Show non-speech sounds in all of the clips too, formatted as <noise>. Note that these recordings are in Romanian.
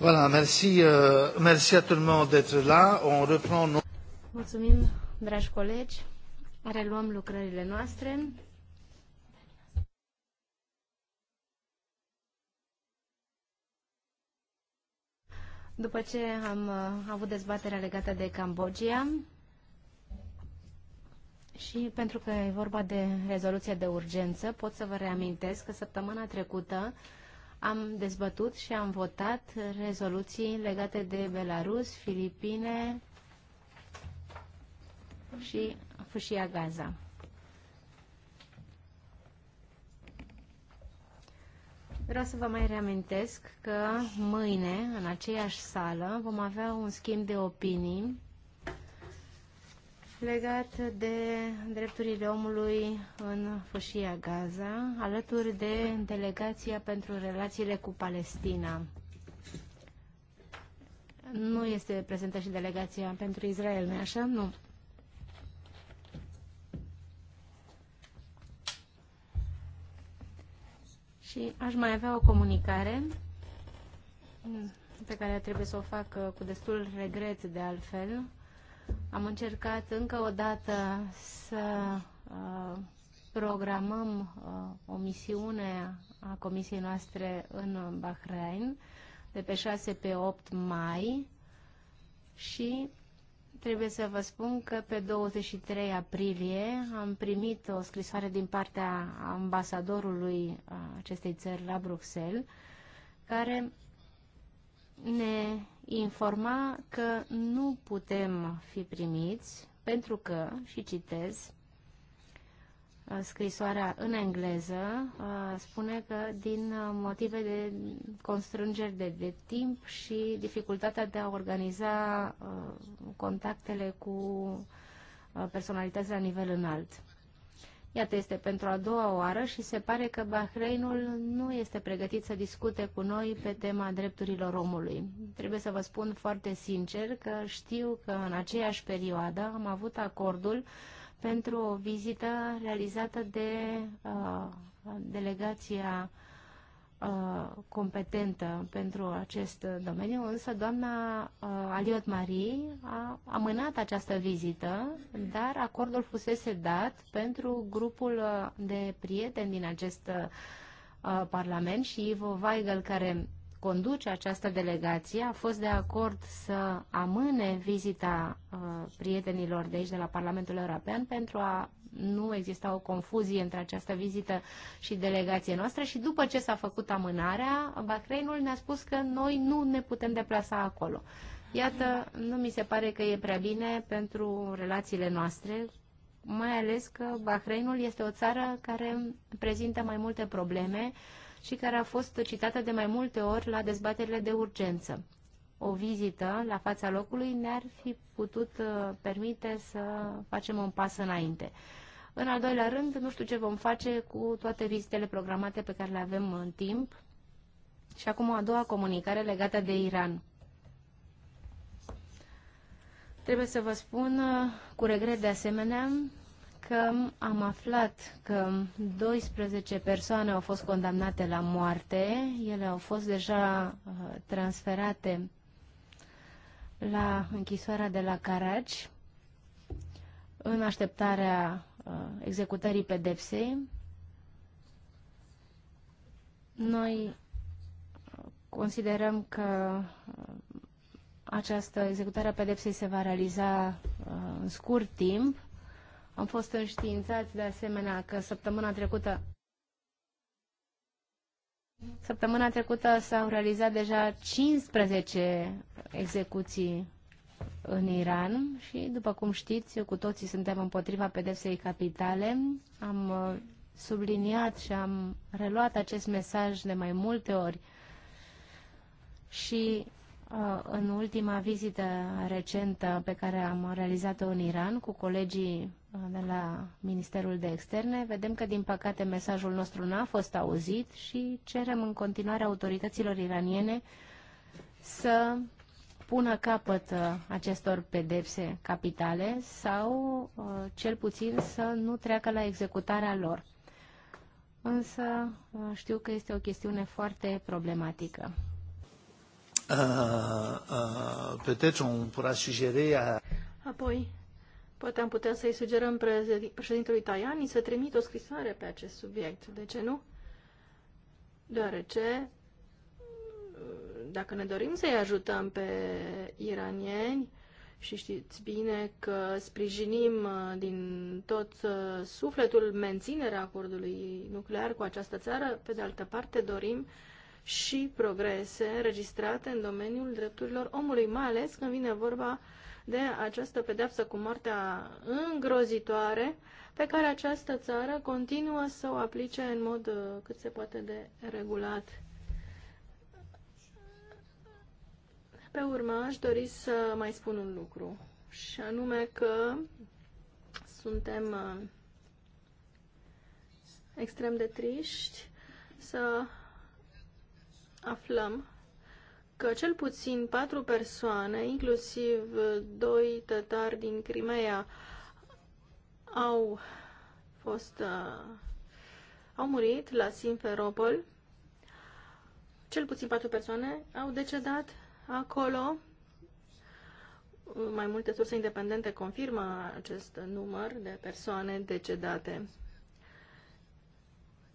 Voilà, merci, euh, merci à tout le monde d'être là. On reprend nos... Mulțumim, dragi colegi. Reluăm lucrările noastre. După ce am uh, avut dezbaterea legată de Cambodgia și pentru că e vorba de rezoluție de urgență, pot să vă reamintesc că săptămâna trecută am dezbătut și am votat rezoluții legate de Belarus, Filipine și fâșia Gaza. Vreau să vă mai reamintesc că mâine, în aceeași sală, vom avea un schimb de opinii legat de drepturile omului în fâșia Gaza, alături de delegația pentru relațiile cu Palestina. Nu este prezentă și delegația pentru Israel, nu așa? Nu. Și aș mai avea o comunicare pe care trebuie să o fac cu destul regret de altfel. Am încercat încă o dată să uh, programăm uh, o misiune a comisiei noastre în Bahrain de pe 6 pe 8 mai și trebuie să vă spun că pe 23 aprilie am primit o scrisoare din partea ambasadorului uh, acestei țări la Bruxelles care ne informa că nu putem fi primiți pentru că, și citez, scrisoarea în engleză spune că din motive de constrângeri de, de timp și dificultatea de a organiza contactele cu personalități la nivel înalt. Iată, este pentru a doua oară și se pare că Bahreinul nu este pregătit să discute cu noi pe tema drepturilor omului. Trebuie să vă spun foarte sincer că știu că în aceeași perioadă am avut acordul pentru o vizită realizată de uh, delegația uh, uh, competentă pentru acest domeniu, însă doamna uh, Aliot Marie a amânat această vizită, dar acordul fusese dat pentru grupul uh, de prieteni din acest uh, Parlament și Ivo Weigel, care conduce această delegație a fost de acord să amâne vizita uh, prietenilor de aici, de la Parlamentul European, pentru a nu exista o confuzie între această vizită și delegația noastră și după ce s-a făcut amânarea, Bahreinul ne-a spus că noi nu ne putem deplasa acolo. Iată, nu mi se pare că e prea bine pentru relațiile noastre, mai ales că Bahreinul este o țară care prezintă mai multe probleme uh, și care a fost citată de mai multe ori la dezbaterile de urgență. O vizită la fața locului ne-ar fi putut uh, permite să facem un pas înainte. În al doilea rând, nu știu ce vom face cu toate vizitele programate pe care le avem în timp. Și acum a doua comunicare legată de Iran. Trebuie să vă spun uh, cu regret de asemenea că am aflat că 12 persoane au fost condamnate la moarte. Ele au fost deja uh, transferate la închisoarea de la Caraci în așteptarea uh, executării pedepsei. Noi uh, considerăm că această executare a pedepsei se va realiza în scurt timp am fost înștiințați de asemenea că săptămâna trecută Săptămâna trecută s-au realizat deja 15 execuții în Iran și, după cum știți, cu toții suntem împotriva pedepsei capitale. Am uh, subliniat și am reluat acest mesaj de mai multe ori și uh, în ultima vizită recentă pe care am realizat-o în Iran cu colegii de la Ministerul de Externe, vedem că, din păcate, mesajul nostru n-a fost auzit și cerem în continuare autorităților iraniene să pună capăt uh, acestor pedepse capitale sau, uh, cel puțin, să nu treacă la executarea lor. Însă uh, știu că este o chestiune foarte problematică. Uh, uh, Apoi, Poate am putea să-i sugerăm președintelui Tajani să trimită o scrisoare pe acest subiect. De ce nu? Deoarece, uh, dacă ne dorim să-i ajutăm pe iranieni, și știți bine că sprijinim uh, din tot uh, sufletul menținerea acordului nuclear cu această țară, pe de altă parte dorim și progrese registrate în domeniul drepturilor omului, mai ales când vine vorba de această pedeapsă cu moartea îngrozitoare pe care această țară continuă să o aplice în mod uh, cât se poate de regulat. Pe urmă, aș dori să mai spun un lucru, și anume că suntem uh, extrem de triști să aflăm că cel puțin patru persoane, inclusiv doi tătari din Crimea, au fost uh, au murit la Simferopol. Cel puțin patru persoane au decedat acolo. Mai multe surse independente confirmă acest număr de persoane decedate.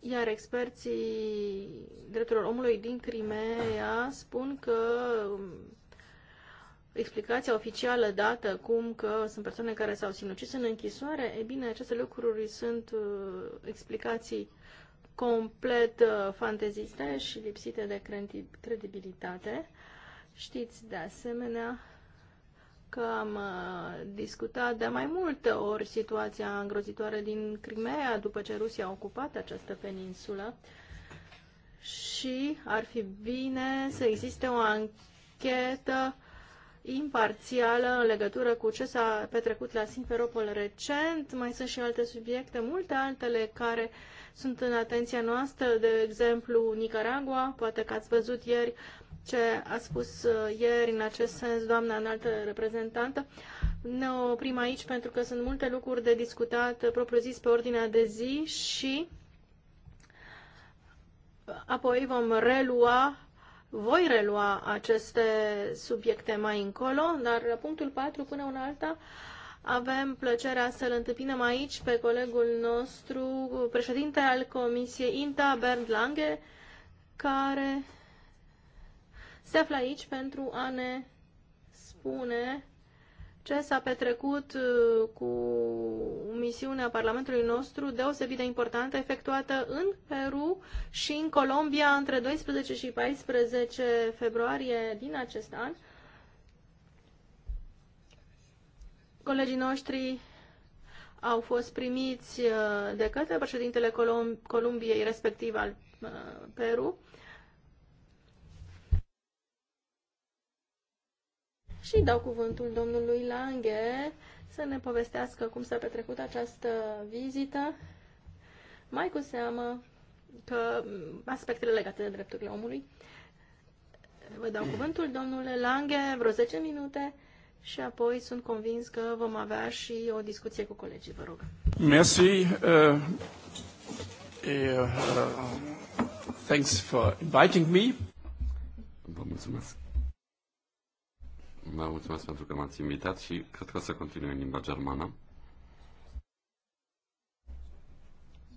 Iar experții drepturilor omului din Crimea spun că um, explicația oficială dată cum că sunt persoane care s-au sinucis în închisoare, e bine, aceste lucruri sunt uh, explicații complet uh, fanteziste și lipsite de credibilitate. Știți de asemenea că am uh, discutat de mai multe ori situația îngrozitoare din Crimea după ce Rusia a ocupat această peninsulă și ar fi bine să existe o anchetă imparțială în legătură cu ce s-a petrecut la Simferopol recent. Mai sunt și alte subiecte, multe altele care sunt în atenția noastră, de exemplu Nicaragua, poate că ați văzut ieri ce a spus uh, ieri în acest sens doamna înaltă reprezentantă. Ne oprim aici pentru că sunt multe lucruri de discutat uh, propriu-zis pe ordinea de zi și apoi vom relua, voi relua aceste subiecte mai încolo, dar la punctul 4 până una alta avem plăcerea să-l întâlnim aici pe colegul nostru, președinte al Comisiei INTA, Bernd Lange, care se află aici pentru a ne spune ce s-a petrecut uh, cu misiunea Parlamentului nostru deosebit de importantă efectuată în Peru și în Colombia între 12 și 14 februarie din acest an. Colegii noștri au fost primiți uh, de către președintele Colum Columbiei, respectiv al uh, Peru, și dau cuvântul domnului Lange să ne povestească cum s-a petrecut această vizită, mai cu seamă că aspectele legate de drepturile omului. Vă dau cuvântul, domnule Lange, vreo 10 minute și apoi sunt convins că vom avea și o discuție cu colegii. Vă rog. Merci. Uh, uh, thanks for inviting me. Vă mulțumesc Vă mulțumesc pentru că m-ați invitat și cred că o să continui în limba germană.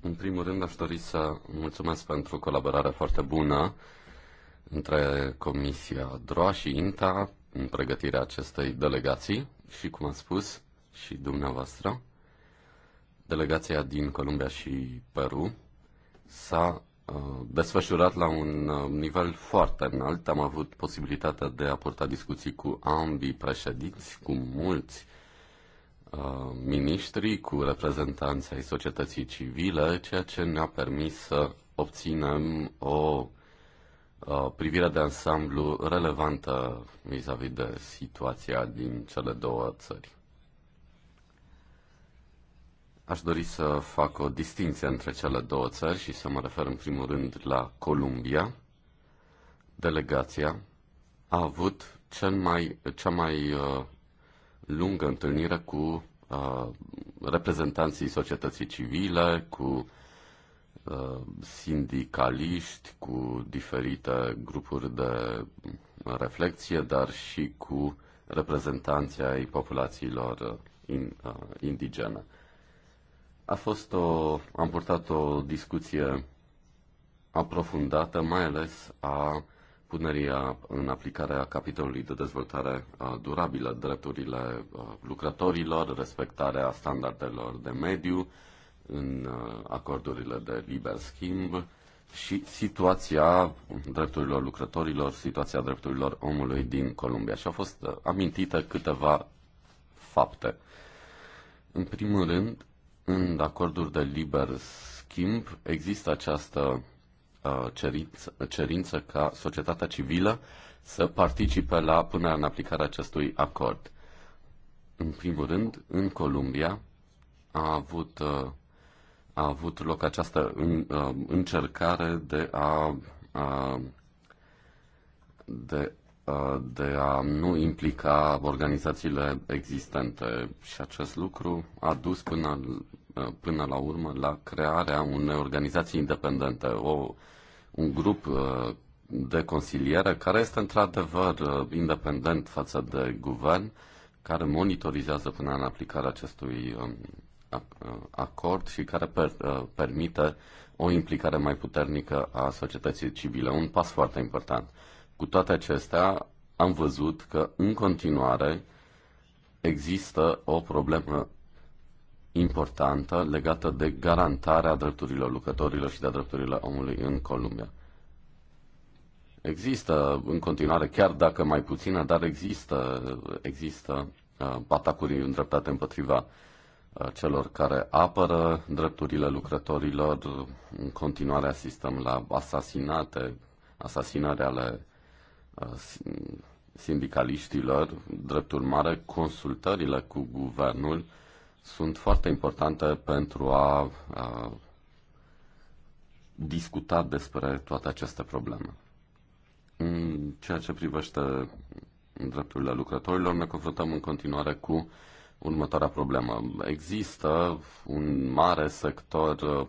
În primul rând aș dori să mulțumesc pentru colaborare foarte bună între Comisia DROA și INTA în pregătirea acestei delegații și, cum am spus, și dumneavoastră. Delegația din Columbia și Peru s-a Uh, desfășurat la un uh, nivel foarte înalt. Am avut posibilitatea de a purta discuții cu ambii președinți, cu mulți uh, miniștri, cu reprezentanții ai societății civile, ceea ce ne-a permis să obținem o privire de ansamblu relevantă vis-a-vis -vis de situația din cele două țări. Aș dori să fac o distinție între cele două țări și să mă refer în primul rând la Columbia. Delegația a avut cel mai, cea mai uh, lungă întâlnire cu uh, reprezentanții societății civile, cu uh, sindicaliști, cu diferite grupuri de reflexie, dar și cu reprezentanții ai populațiilor uh, in, uh, indigene. A fost o, am purtat o discuție aprofundată, mai ales a punerii în aplicare a capitolului de dezvoltare durabilă, drepturile lucrătorilor, respectarea standardelor de mediu în acordurile de liber schimb și situația drepturilor lucrătorilor, situația drepturilor omului din Columbia. Și au fost amintite câteva fapte. În primul rând, în acorduri de liber schimb există această uh, cerință, cerință ca societatea civilă să participe la punerea în aplicare acestui acord. În primul rând, în Columbia a avut, uh, a avut loc această în, uh, încercare de a, a de Uh, de a nu implica organizațiile existente și acest lucru a dus până, uh, până la urmă la crearea unei organizații independente, o, un grup uh, de consiliere care este într-adevăr independent față de guvern, care monitorizează până în aplicarea acestui um, acord și care per, permite o implicare mai puternică a societății civile. Un pas foarte important. Cu toate acestea, am văzut că în continuare există o problemă importantă legată de garantarea drepturilor lucrătorilor și de drepturile omului în Columbia. Există în continuare, chiar dacă mai puțină, dar există, există uh, atacuri îndreptate împotriva uh, celor care apără drepturile lucrătorilor. În continuare asistăm la asasinate, asasinări ale sindicaliștilor, drept urmare, consultările cu guvernul sunt foarte importante pentru a, a discuta despre toate aceste probleme. În ceea ce privește drepturile lucrătorilor, ne confruntăm în continuare cu următoarea problemă. Există un mare sector uh,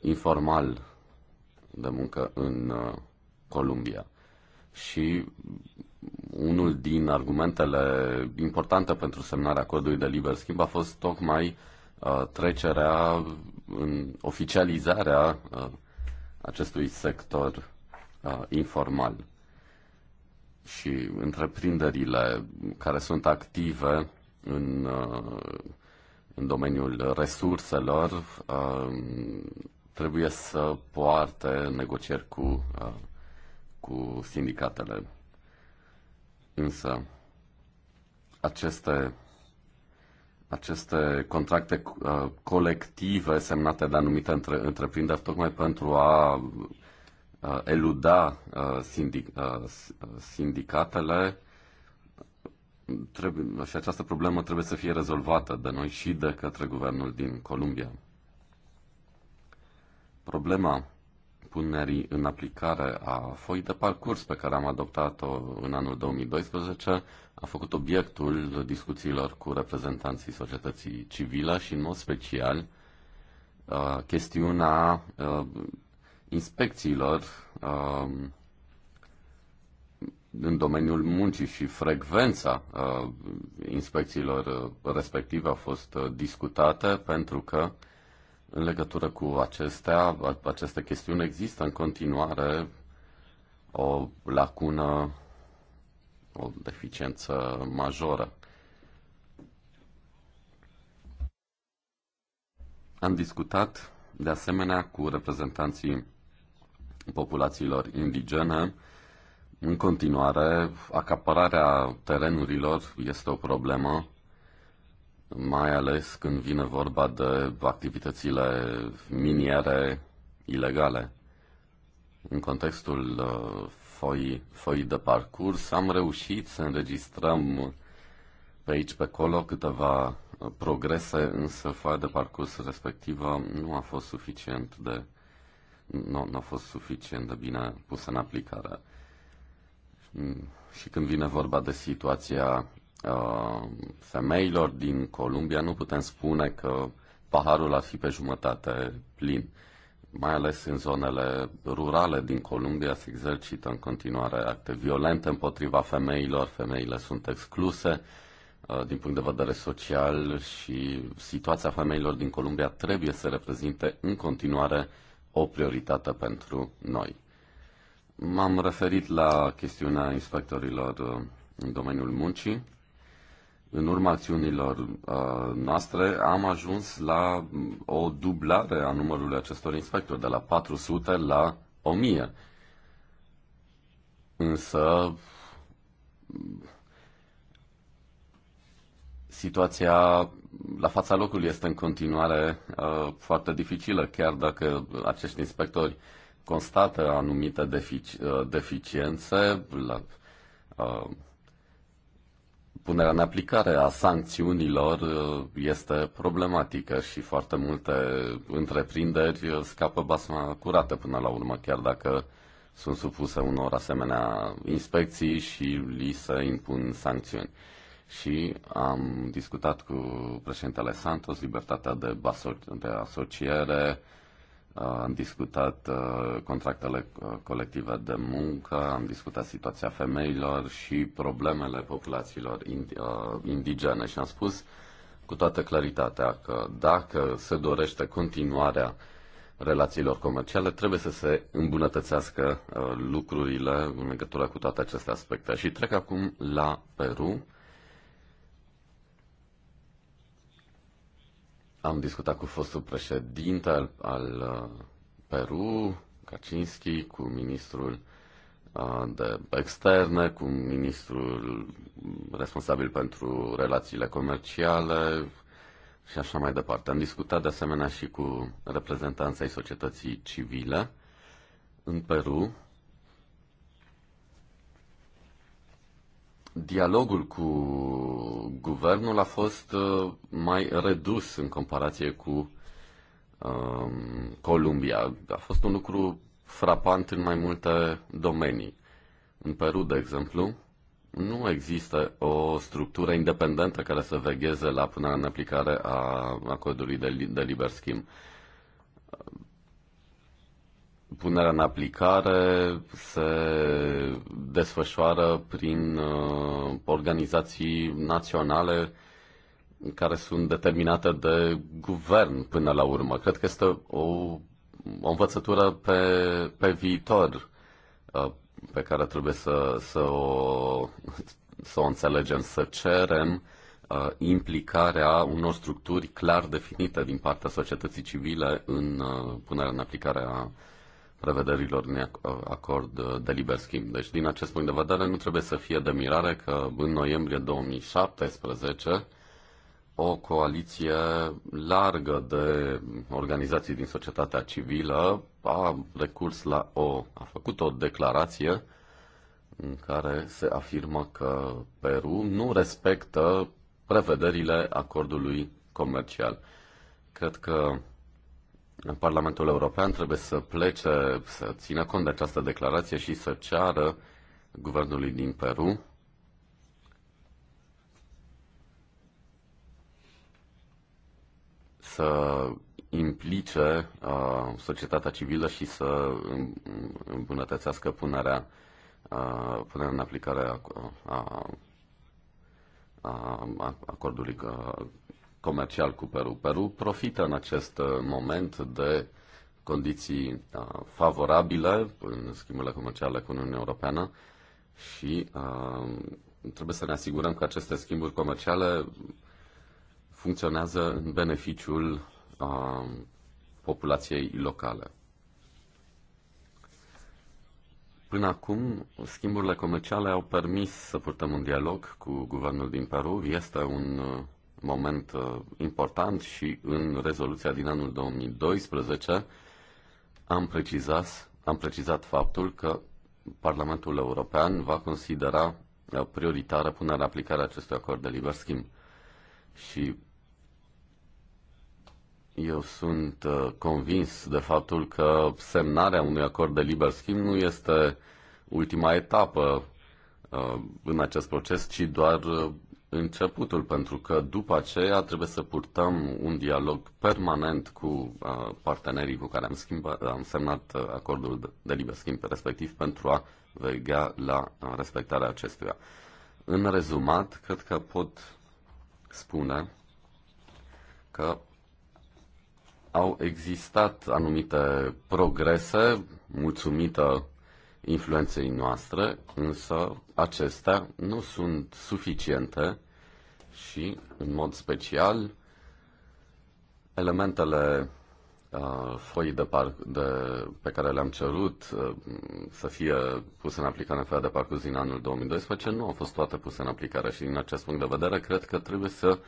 informal de muncă în uh, Columbia și unul din argumentele importante pentru semnarea codului de liber schimb a fost tocmai uh, trecerea în oficializarea uh, acestui sector uh, informal. Și întreprinderile care sunt active în, în domeniul resurselor trebuie să poarte negocieri cu cu sindicatele. Însă, aceste, aceste contracte uh, colective semnate de anumite între, întreprinderi tocmai pentru a uh, eluda uh, sindic, uh, sindicatele trebuie, și această problemă trebuie să fie rezolvată de noi și de către guvernul din Columbia. Problema punerii în aplicare a foii de parcurs pe care am adoptat-o în anul 2012 a făcut obiectul discuțiilor cu reprezentanții societății civile și, în mod special, uh, chestiunea uh, inspecțiilor uh, în domeniul muncii și frecvența inspecțiilor respective a fost discutată, pentru că în legătură cu acestea, aceste chestiuni, există în continuare o lacună, o deficiență majoră. Am discutat de asemenea cu reprezentanții populațiilor indigene. În continuare, acapararea terenurilor este o problemă mai ales când vine vorba de activitățile miniere ilegale. În contextul uh, foii, foii de parcurs am reușit să înregistrăm pe aici, pe acolo, câteva uh, progrese, însă foaia de parcurs respectivă nu a fost suficient de nu, nu a fost suficient de bine pusă în aplicare. Mm, și când vine vorba de situația Uh, femeilor din Columbia, nu putem spune că paharul ar fi pe jumătate plin. Mai ales în zonele rurale din Columbia se exercită în continuare acte violente împotriva femeilor, femeile sunt excluse uh, din punct de vedere social și situația femeilor din Columbia trebuie să reprezinte în continuare o prioritate pentru noi. M-am referit la chestiunea inspectorilor uh, în domeniul muncii în urma acțiunilor uh, noastre, am ajuns la mm, o dublare a numărului acestor inspectori, de la 400 la 1000. Însă, situația la fața locului este în continuare uh, foarte dificilă, chiar dacă acești inspectori constată anumite defici, uh, deficiențe, la, uh, punerea în aplicare a sancțiunilor uh, este problematică și foarte multe întreprinderi uh, scapă basma curată până la urmă, chiar dacă sunt supuse unor asemenea inspecții și li se impun sancțiuni. Și am discutat cu președintele Santos libertatea de, de asociere, Uh, am discutat uh, contractele uh, colective de muncă, am discutat situația femeilor și problemele populațiilor indigene și am spus cu toată claritatea că dacă se dorește continuarea relațiilor comerciale, trebuie să se îmbunătățească lucrurile în legătură cu toate aceste aspecte. Și trec acum la Peru Am discutat cu fostul președinte al, al uh, Peru, Kaczynski, cu ministrul uh, de externe, cu ministrul responsabil pentru relațiile comerciale și așa mai departe. Am discutat de asemenea și cu reprezentanții societății civile în Peru dialogul cu guvernul a fost uh, mai redus în comparație cu um, Columbia. A fost un lucru frapant în mai multe domenii. În Peru, de exemplu, nu există o structură independentă care să vegheze la punerea în aplicare a acordului de, de liber schimb punerea în aplicare se desfășoară prin uh, organizații naționale care sunt determinate de guvern până la urmă. Cred că este o, o învățătură pe, pe viitor uh, pe care trebuie să, să, o, să o înțelegem, să cerem uh, implicarea unor structuri clar definite din partea societății civile în uh, punerea în aplicare a prevederilor unui acord uh, de liber schimb. Deci, din acest punct de vedere, nu trebuie să fie de mirare că în noiembrie 2017 o coaliție largă de organizații din societatea civilă a recurs la o, a făcut o declarație în care se afirmă că Peru nu respectă prevederile acordului comercial. Cred că Parlamentul European trebuie să plece, să țină cont de această declarație și să ceară guvernului din Peru să implice uh, societatea civilă și să îmbunătățească punerea, uh, punerea în aplicare a, a, a acordului uh, comercial cu Peru. Peru profită în acest uh, moment de condiții uh, favorabile în schimbările comerciale cu Uniunea Europeană și uh, trebuie să ne asigurăm că aceste schimburi comerciale funcționează în beneficiul populației locale. Până acum, schimburile comerciale au permis să purtăm un dialog cu guvernul din Peru. Este un moment uh, important și în rezoluția din anul 2012 am precizat, am precizat faptul că Parlamentul European va considera uh, prioritară punerea aplicarea acestui acord de liber schimb. Și eu sunt uh, convins de faptul că semnarea unui acord de liber schimb nu este ultima etapă în acest proces, ci doar începutul, pentru că după aceea trebuie să purtăm un dialog permanent cu uh, partenerii cu care am, schimbat, am semnat uh, acordul de liber schimb respectiv pentru a vegea la uh, respectarea acestuia. În rezumat, cred că pot spune că au existat anumite progrese mulțumită influenței noastre, însă acestea nu sunt suficiente și, în mod special, elementele uh, foii de par- de, pe care le-am cerut uh, să fie puse în aplicare în foaia de parcurs din anul 2012 nu au fost toate puse în aplicare și din acest punct de vedere cred că trebuie să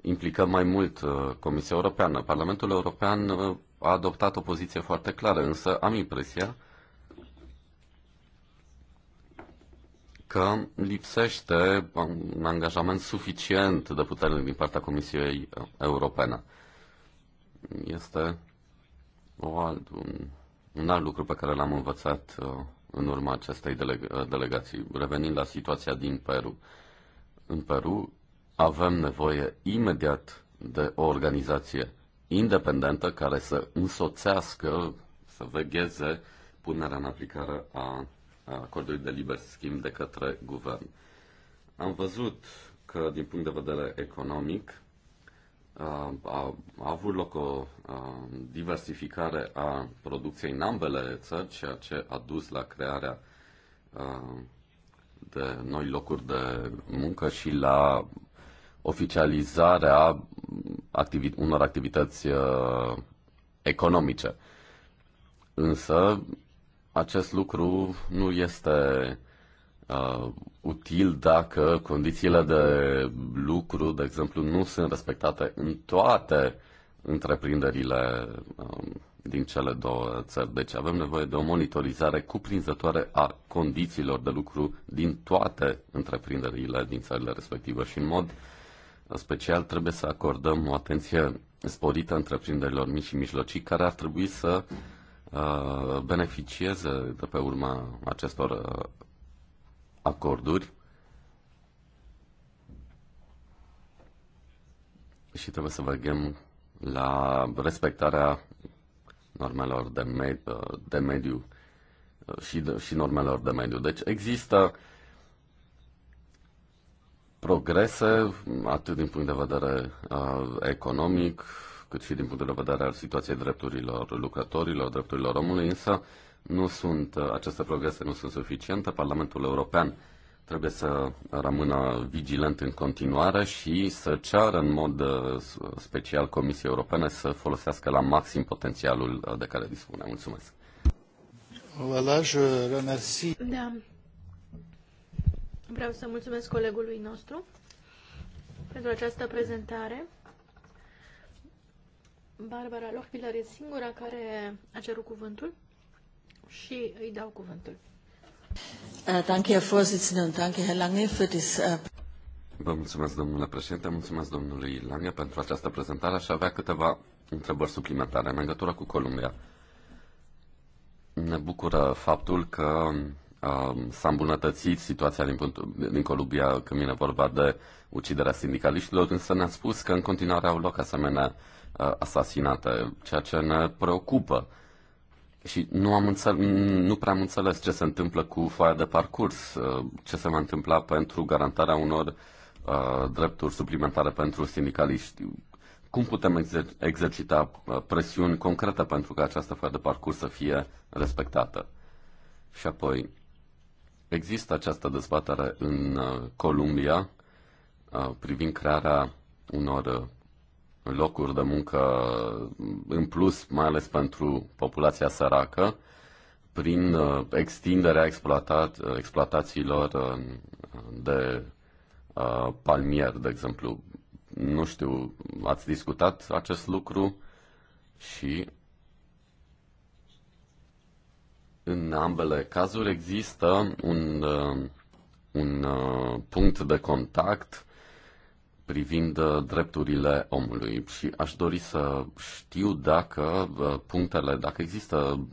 implicăm mai mult uh, Comisia Europeană. Parlamentul European uh, a adoptat o poziție foarte clară, însă am impresia că lipsește un angajament suficient de puternic din partea Comisiei Europene. Este o alt, un, un alt lucru pe care l-am învățat uh, în urma acestei delega- uh, delegații. Revenind la situația din Peru. În Peru avem nevoie imediat de o organizație independentă care să însoțească, să vegheze punerea în aplicare a acordului de liber schimb de către guvern. Am văzut că, din punct de vedere economic, a, a avut loc o a, diversificare a producției în ambele țări, ceea ce a dus la crearea a, de noi locuri de muncă și la oficializarea activi- unor activități a, economice. Însă, acest lucru nu este uh, util dacă condițiile de lucru, de exemplu, nu sunt respectate în toate întreprinderile um, din cele două țări. Deci avem nevoie de o monitorizare cuprinzătoare a condițiilor de lucru din toate întreprinderile din țările respective și în mod special trebuie să acordăm o atenție sporită întreprinderilor mici și mijlocii care ar trebui să uh, Uh, beneficieze de pe urma acestor uh, acorduri. Și trebuie să vedem la respectarea normelor de, me- uh, de mediu și, de, și normelor de mediu. Deci există progrese, atât din punct de vedere uh, economic, cât și din punct de vedere al situației drepturilor lucrătorilor, drepturilor omului, însă nu sunt, aceste progrese nu sunt suficiente. Parlamentul European trebuie să rămână vigilant în continuare și să ceară în mod uh, special Comisiei Europene să folosească la maxim potențialul uh, de care dispune. Mulțumesc! Voilà, oh je Da. Vreau să mulțumesc colegului nostru pentru această prezentare. Barbara Lochbiller e singura care a cerut cuvântul și îi dau cuvântul. Äh, äh, Vă mulțumesc, domnule președinte, mulțumesc domnului Lange pentru această prezentare și avea câteva întrebări suplimentare în legătură cu Columbia. Ne bucură faptul că uh, s-a îmbunătățit situația din, punctul, din Columbia când vine vorba de uciderea sindicaliștilor, însă ne-a spus că în continuare au loc asemenea Uh, asasinată, ceea ce ne preocupă. Și nu, am înțeles, nu prea am înțeles ce se întâmplă cu foaia de parcurs, uh, ce se va întâmpla pentru garantarea unor uh, drepturi suplimentare pentru sindicaliști. Cum putem exer- exercita presiuni concrete pentru ca această foaie de parcurs să fie respectată? Și apoi, există această dezbatere în Columbia privind crearea unor locuri de muncă în plus, mai ales pentru populația săracă, prin uh, extinderea exploata- exploatațiilor uh, de uh, palmier, de exemplu. Nu știu, ați discutat acest lucru și în ambele cazuri există un, un punct de contact privind uh, drepturile omului și aș dori să știu dacă uh, punctele, dacă există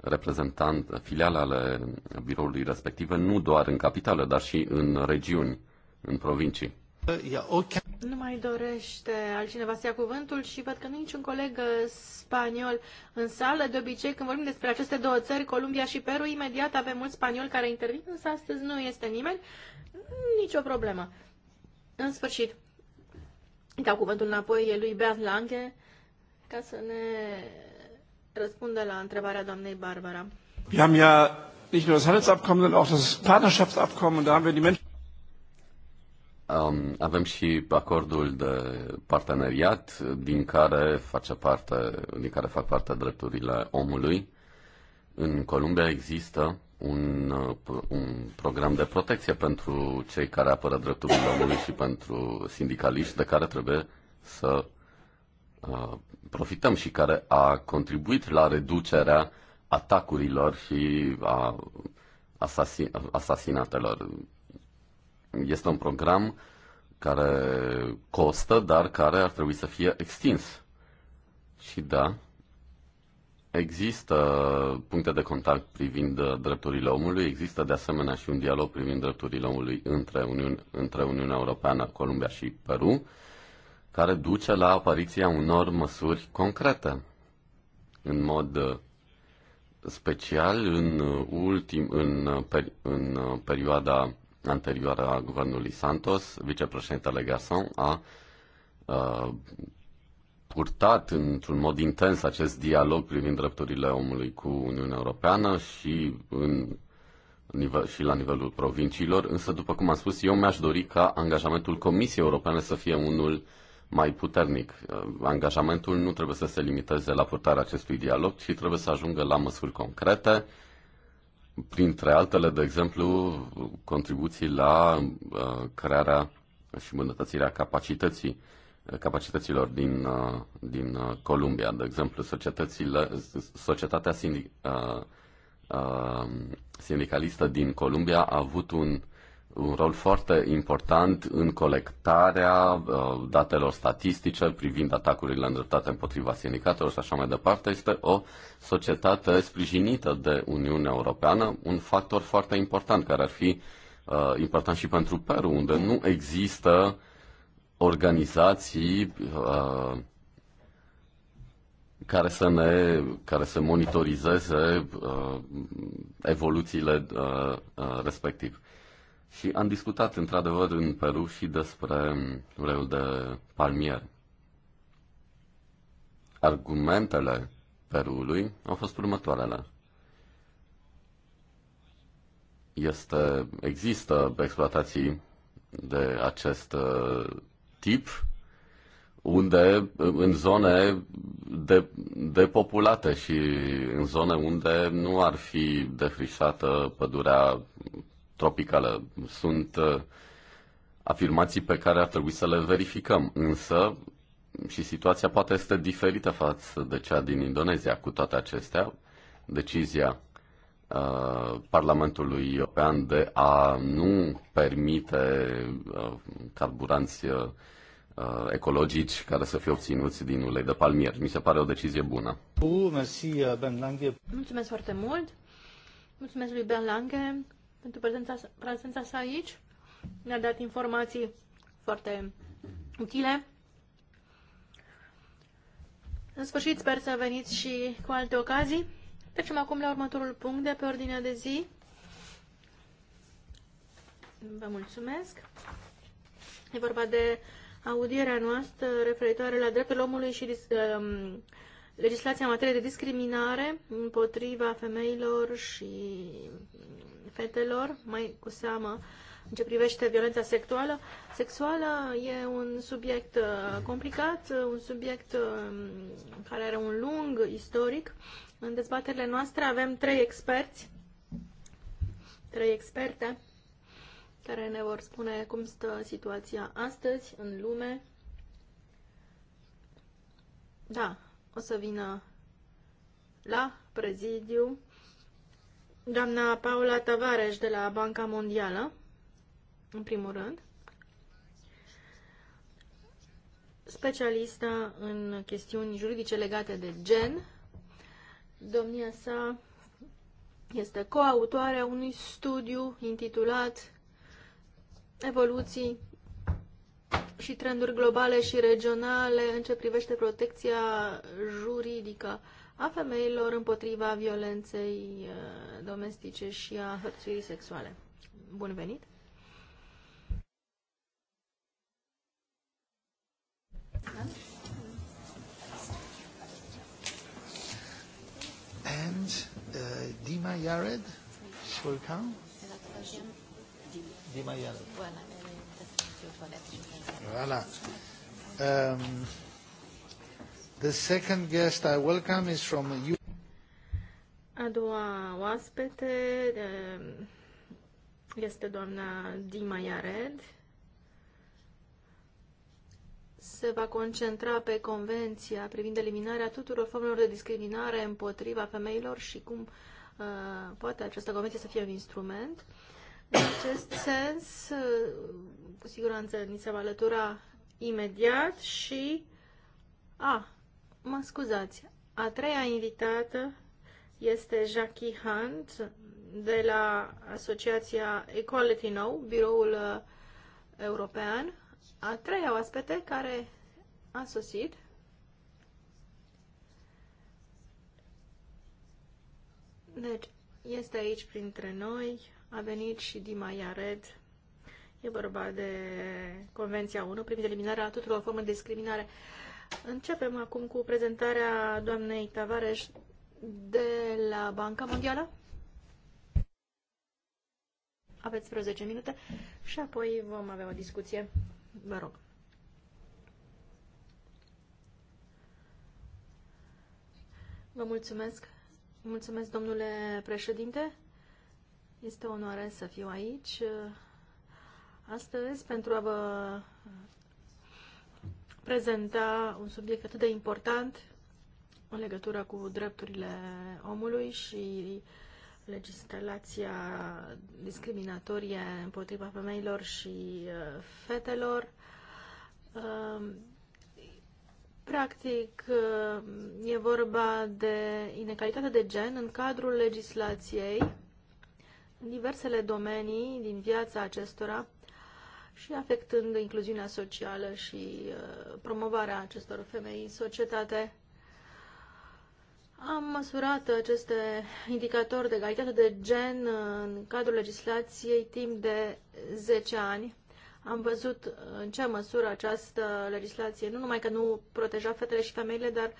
reprezentant, filiale ale biroului respective, nu doar în capitală, dar și în regiuni, în provincii. Nu mai dorește altcineva să ia cuvântul și văd că niciun coleg spaniol în sală. De obicei, când vorbim despre aceste două țări, Columbia și Peru, imediat avem mulți spanioli care intervin, însă astăzi nu este nimeni. Nicio problemă. În sfârșit, îi dau cuvântul înapoi lui Bernd Lange ca să ne răspundă la întrebarea doamnei Barbara. Wir haben ja nicht nur das Handelsabkommen, sondern auch das Partnerschaftsabkommen und da haben wir die Menschen Um, avem și acordul de parteneriat din care face parte, din care fac parte drepturile omului. În Columbia există un, uh, un program de protecție pentru cei care apără drepturile omului și pentru sindicaliști de care trebuie să uh, profităm și care a contribuit la reducerea atacurilor și a asasin- asasinatelor. Este un program care costă, dar care ar trebui să fie extins. Și da, Există puncte de contact privind drepturile omului, există de asemenea și un dialog privind drepturile omului între, Uniun, între Uniunea Europeană, Columbia și Peru, care duce la apariția unor măsuri concrete. În mod uh, special, în, ultim, în, peri, în perioada anterioară a guvernului Santos, vicepreședintele Garson a, a uh, purtat într-un mod intens acest dialog privind drepturile omului cu Uniunea Europeană și, în, nivel, și la nivelul provinciilor, însă, după cum am spus, eu mi-aș dori ca angajamentul Comisiei Europene să fie unul mai puternic. Angajamentul nu trebuie să se limiteze la purtarea acestui dialog, ci trebuie să ajungă la măsuri concrete, printre altele, de exemplu, contribuții la uh, crearea și îmbunătățirea capacității uh, capacităților din, uh, din uh, Columbia. De exemplu, societățile, societatea sindic, uh, uh, sindicalistă din Columbia a avut un, un rol foarte important în colectarea uh, datelor statistice privind atacurile îndreptate împotriva sindicatelor și așa mai departe. Este o societate sprijinită de Uniunea Europeană, un factor foarte important care ar fi uh, important și pentru Peru, unde nu există uh, organizații uh, care să ne care să monitorizeze uh, evoluțiile uh, uh, respectiv. Și am discutat într-adevăr în Peru și despre uleiul de palmier. Argumentele Perului au fost următoarele. Este, există exploatații de acest uh, tip unde, în zone de, depopulate și în zone unde nu ar fi defrișată pădurea tropicală. Sunt uh, afirmații pe care ar trebui să le verificăm, însă și situația poate este diferită față de cea din Indonezia. Cu toate acestea, decizia Uh, Parlamentului European de a nu permite uh, carburanți uh, ecologici care să fie obținuți din ulei de palmier. Mi se pare o decizie bună. Mulțumesc foarte mult. Mulțumesc lui Ben Lange pentru prezența, prezența sa aici. Ne-a dat informații foarte utile. În sfârșit, sper să veniți și cu alte ocazii. Trecem acum la următorul punct de pe ordinea de zi. Vă mulțumesc. E vorba de audierea noastră referitoare la dreptul omului și um, legislația în materie de discriminare împotriva femeilor și fetelor, mai cu seamă în ce privește violența sexuală. Sexuală e un subiect uh, complicat, un subiect um, care are un lung istoric în dezbaterile noastre avem trei experți, trei experte, care ne vor spune cum stă situația astăzi în lume. Da, o să vină la prezidiu doamna Paula Tavares de la Banca Mondială, în primul rând, specialistă în chestiuni juridice legate de gen Domnia sa este coautoarea unui studiu intitulat Evoluții și trenduri globale și regionale în ce privește protecția juridică a femeilor împotriva violenței uh, domestice și a hărțuirii sexuale. Bun venit! Da? And uh, Dima Yared, she will come? Dima Yared. Voilà. Um, the second guest I welcome is from you. A doua oaspete um, este doamna Dima Yared se va concentra pe convenția privind eliminarea tuturor formelor de discriminare împotriva femeilor și cum uh, poate această convenție să fie un instrument. În acest sens, uh, cu siguranță ni se va alătura imediat și... A, ah, mă scuzați, a treia invitată este Jackie Hunt de la Asociația Equality Now, biroul uh, european a treia oaspete care a sosit Deci, este aici printre noi, a venit și Dima Iared. E vorba de Convenția 1 privind eliminarea tuturor forme de discriminare. Începem acum cu prezentarea doamnei Tavares de la Banca Mondială. Aveți vreo 10 minute și apoi vom avea o discuție. Vă rog. Vă mulțumesc. Mulțumesc, domnule președinte. Este o onoare să fiu aici uh, astăzi pentru a vă prezenta un subiect atât de important în legătură cu drepturile omului și uh, legislația discriminatorie împotriva femeilor și uh, fetelor. Um, practic, uh, e vorba de inegalitate de gen în cadrul legislației, în diversele domenii din viața acestora și afectând incluziunea socială și uh, promovarea acestor femei în societate. Am măsurat aceste indicatori de egalitate de gen în cadrul legislației timp de 10 ani. Am văzut în ce măsură această legislație nu numai că nu proteja fetele și femeile, dar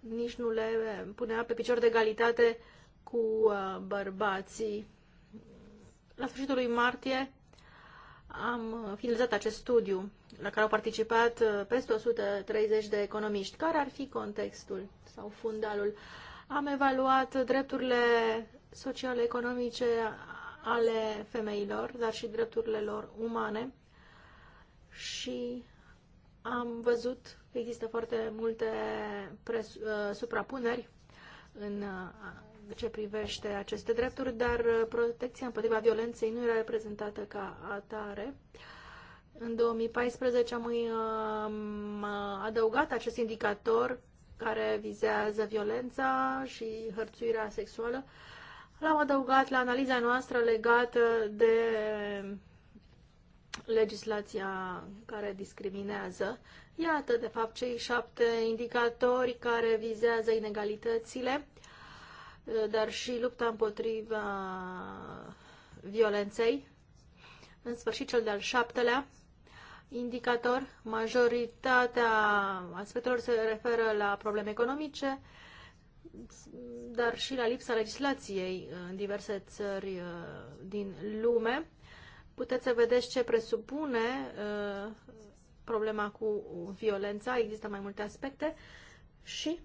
nici nu le punea pe picior de egalitate cu uh, bărbații. La sfârșitul lui martie am finalizat acest studiu la care au participat uh, peste 130 de economiști. Care ar fi contextul sau fundalul? Uh, am evaluat drepturile sociale, economice ale femeilor, dar și drepturile lor umane și am văzut că există foarte multe pres, uh, suprapuneri în uh, ce privește aceste drepturi, dar uh, protecția împotriva violenței nu era reprezentată ca atare. În 2014 am adăugat acest indicator care vizează violența și hărțuirea sexuală, l-am adăugat la analiza noastră legată de legislația care discriminează. Iată, de fapt, cei șapte indicatori care vizează inegalitățile, dar și lupta împotriva violenței. În sfârșit, cel de-al șaptelea indicator Majoritatea aspectelor se referă la probleme economice, dar și la lipsa legislației în diverse țări uh, din lume. Puteți să vedeți ce presupune uh, problema cu violența, există mai multe aspecte și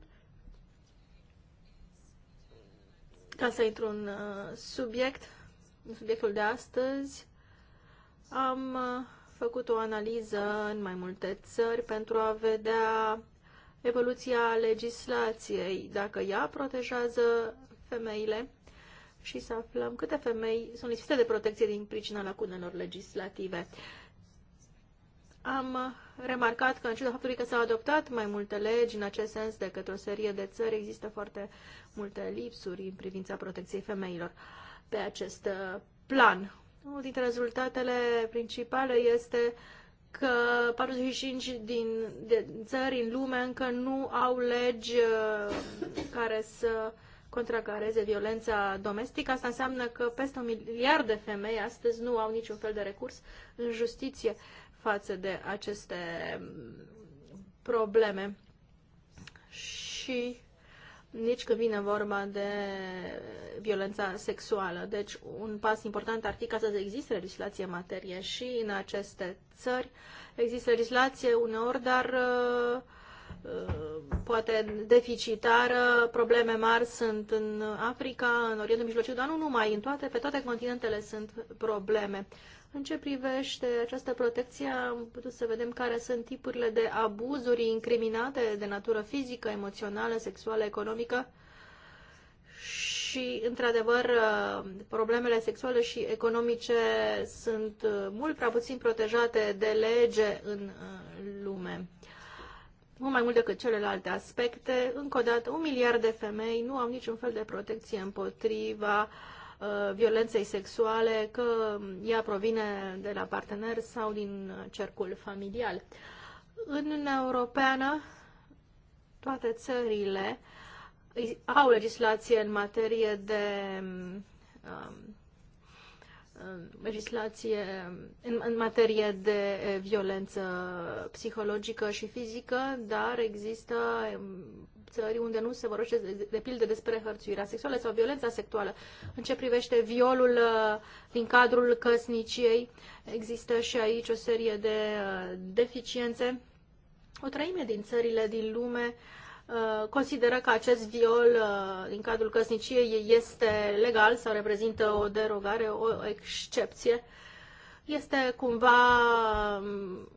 ca să intru în uh, subiect, în subiectul de astăzi, am făcut o analiză în mai multe țări pentru a vedea evoluția legislației, dacă ea protejează femeile și să aflăm câte femei sunt lipsite de protecție din pricina lacunelor legislative. Am remarcat că, în ciuda faptului că s-au adoptat mai multe legi în acest sens de către o serie de țări, există foarte multe lipsuri în privința protecției femeilor pe acest uh, plan. Unul dintre rezultatele principale este că 45 din de, țări în lume încă nu au legi uh, care să contracareze violența domestică. Asta înseamnă că peste un miliard de femei astăzi nu au niciun fel de recurs în justiție față de aceste mm, probleme. Și nici când vine vorba de violența sexuală. Deci, un pas important ar fi ca să existe legislație în materie și în aceste țări. Există legislație uneori, dar uh, poate deficitară, probleme mari sunt în Africa, în Orientul Mijlociu, dar nu numai, în toate, pe toate continentele sunt probleme. În ce privește această protecție, am putut să vedem care sunt tipurile de abuzuri incriminate de natură fizică, emoțională, sexuală, economică și, într-adevăr, problemele sexuale și economice sunt mult prea puțin protejate de lege în uh, lume. Mult mai mult decât celelalte aspecte, încă o dată, un miliard de femei nu au niciun fel de protecție împotriva uh, Uh, violenței sexuale, că ea provine de la partener sau din cercul familial. În Uniunea Europeană, toate țările au legislație în materie de um, um, legislație în, în materie de eh, violență psihologică și fizică, dar există um, țări unde nu se vorbește de, de pildă despre hărțuirea sexuală sau violența sexuală. În ce privește violul uh, din cadrul căsniciei, există și aici o serie de uh, deficiențe. O treime din țările din lume uh, consideră că acest viol din cadrul căsniciei este legal sau reprezintă o derogare, o excepție. Este cumva um,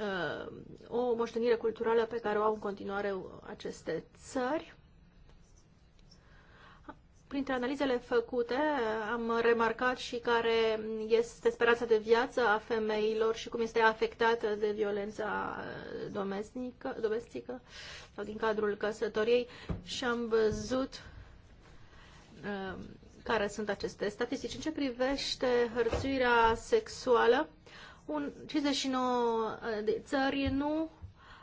Uh, o moștenire culturală pe care o au în continuare aceste țări. Printre analizele făcute am remarcat și care este speranța de viață a femeilor și cum este afectată de violența domestică, domestică sau din cadrul căsătoriei și am văzut uh, care sunt aceste statistici. În ce privește hărțuirea sexuală, un 59 uh, de țări nu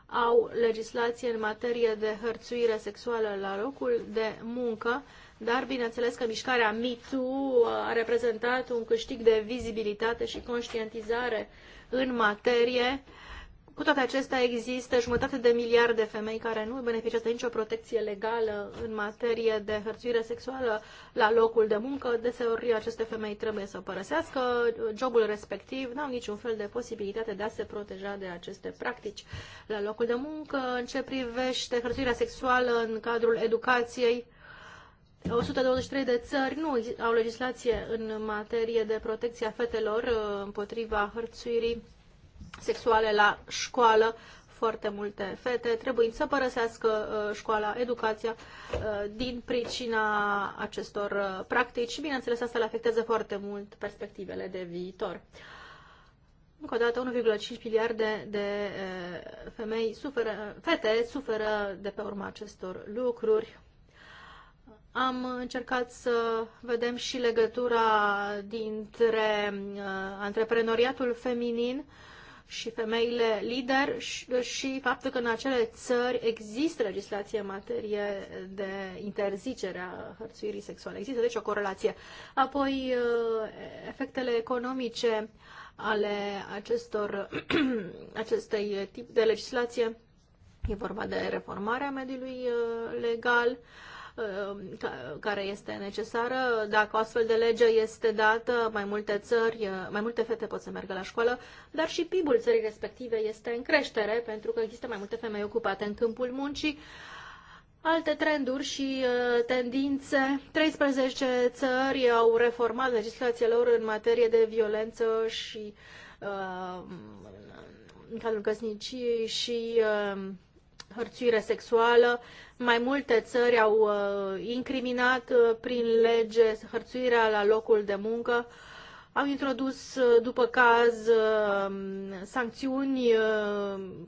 au legislație în materie de hărțuire sexuală la locul de muncă, dar bineînțeles că mișcarea MeToo uh, a reprezentat un câștig de vizibilitate și conștientizare în materie cu toate acestea, există jumătate de miliard de femei care nu beneficiază de nicio protecție legală în materie de hărțuire sexuală la locul de muncă. Deseori aceste femei trebuie să părăsească jobul respectiv, n-au niciun fel de posibilitate de a se proteja de aceste practici la locul de muncă. În ce privește hărțuirea sexuală în cadrul educației, 123 de țări nu au legislație în materie de protecție a fetelor împotriva hărțuirii sexuale la școală, foarte multe fete trebuie să părăsească uh, școala, educația uh, din pricina acestor uh, practici și, bineînțeles, asta le afectează foarte mult perspectivele de viitor. Încă o dată, 1,5 miliarde de femei suferă, fete suferă de pe urma acestor lucruri. Am încercat să vedem și legătura dintre antreprenoriatul feminin și femeile lider și, și faptul că în acele țări există legislație în materie de interzicere a hărțuirii sexuale. Există deci o corelație. Apoi, uh, efectele economice ale acestor, <clears throat> acestei tip de legislație. E vorba de reformarea mediului uh, legal, Um, care este necesară. Dacă o astfel de lege este dată, mai multe țări, uh, mai multe fete pot să meargă la școală, dar și PIB-ul țării respective este în creștere, pentru că există mai multe femei ocupate în câmpul muncii. Alte trenduri și uh, tendințe. 13 țări au reformat legislația lor în materie de violență și uh, în cadrul căsnicii și uh, hărțuire sexuală. Mai multe țări au uh, incriminat uh, prin lege hărțuirea la locul de muncă. Au introdus, uh, după caz, sancțiuni,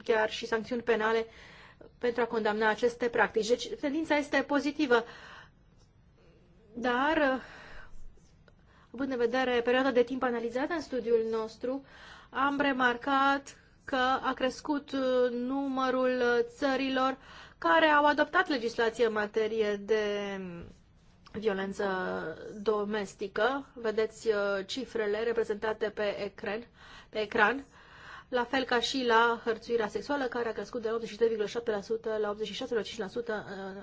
chiar și sancțiuni penale, pentru a condamna aceste practici. Deci, tendința este pozitivă. Dar, având în vedere perioada de timp analizată în studiul nostru, am remarcat că a crescut uh, numărul uh, țărilor care au adoptat legislație în materie de violență domestică. Vedeți uh, cifrele reprezentate pe ecran. Pe ecran la fel ca și la hărțuirea sexuală, care a crescut de 83,7% la 86,5% uh,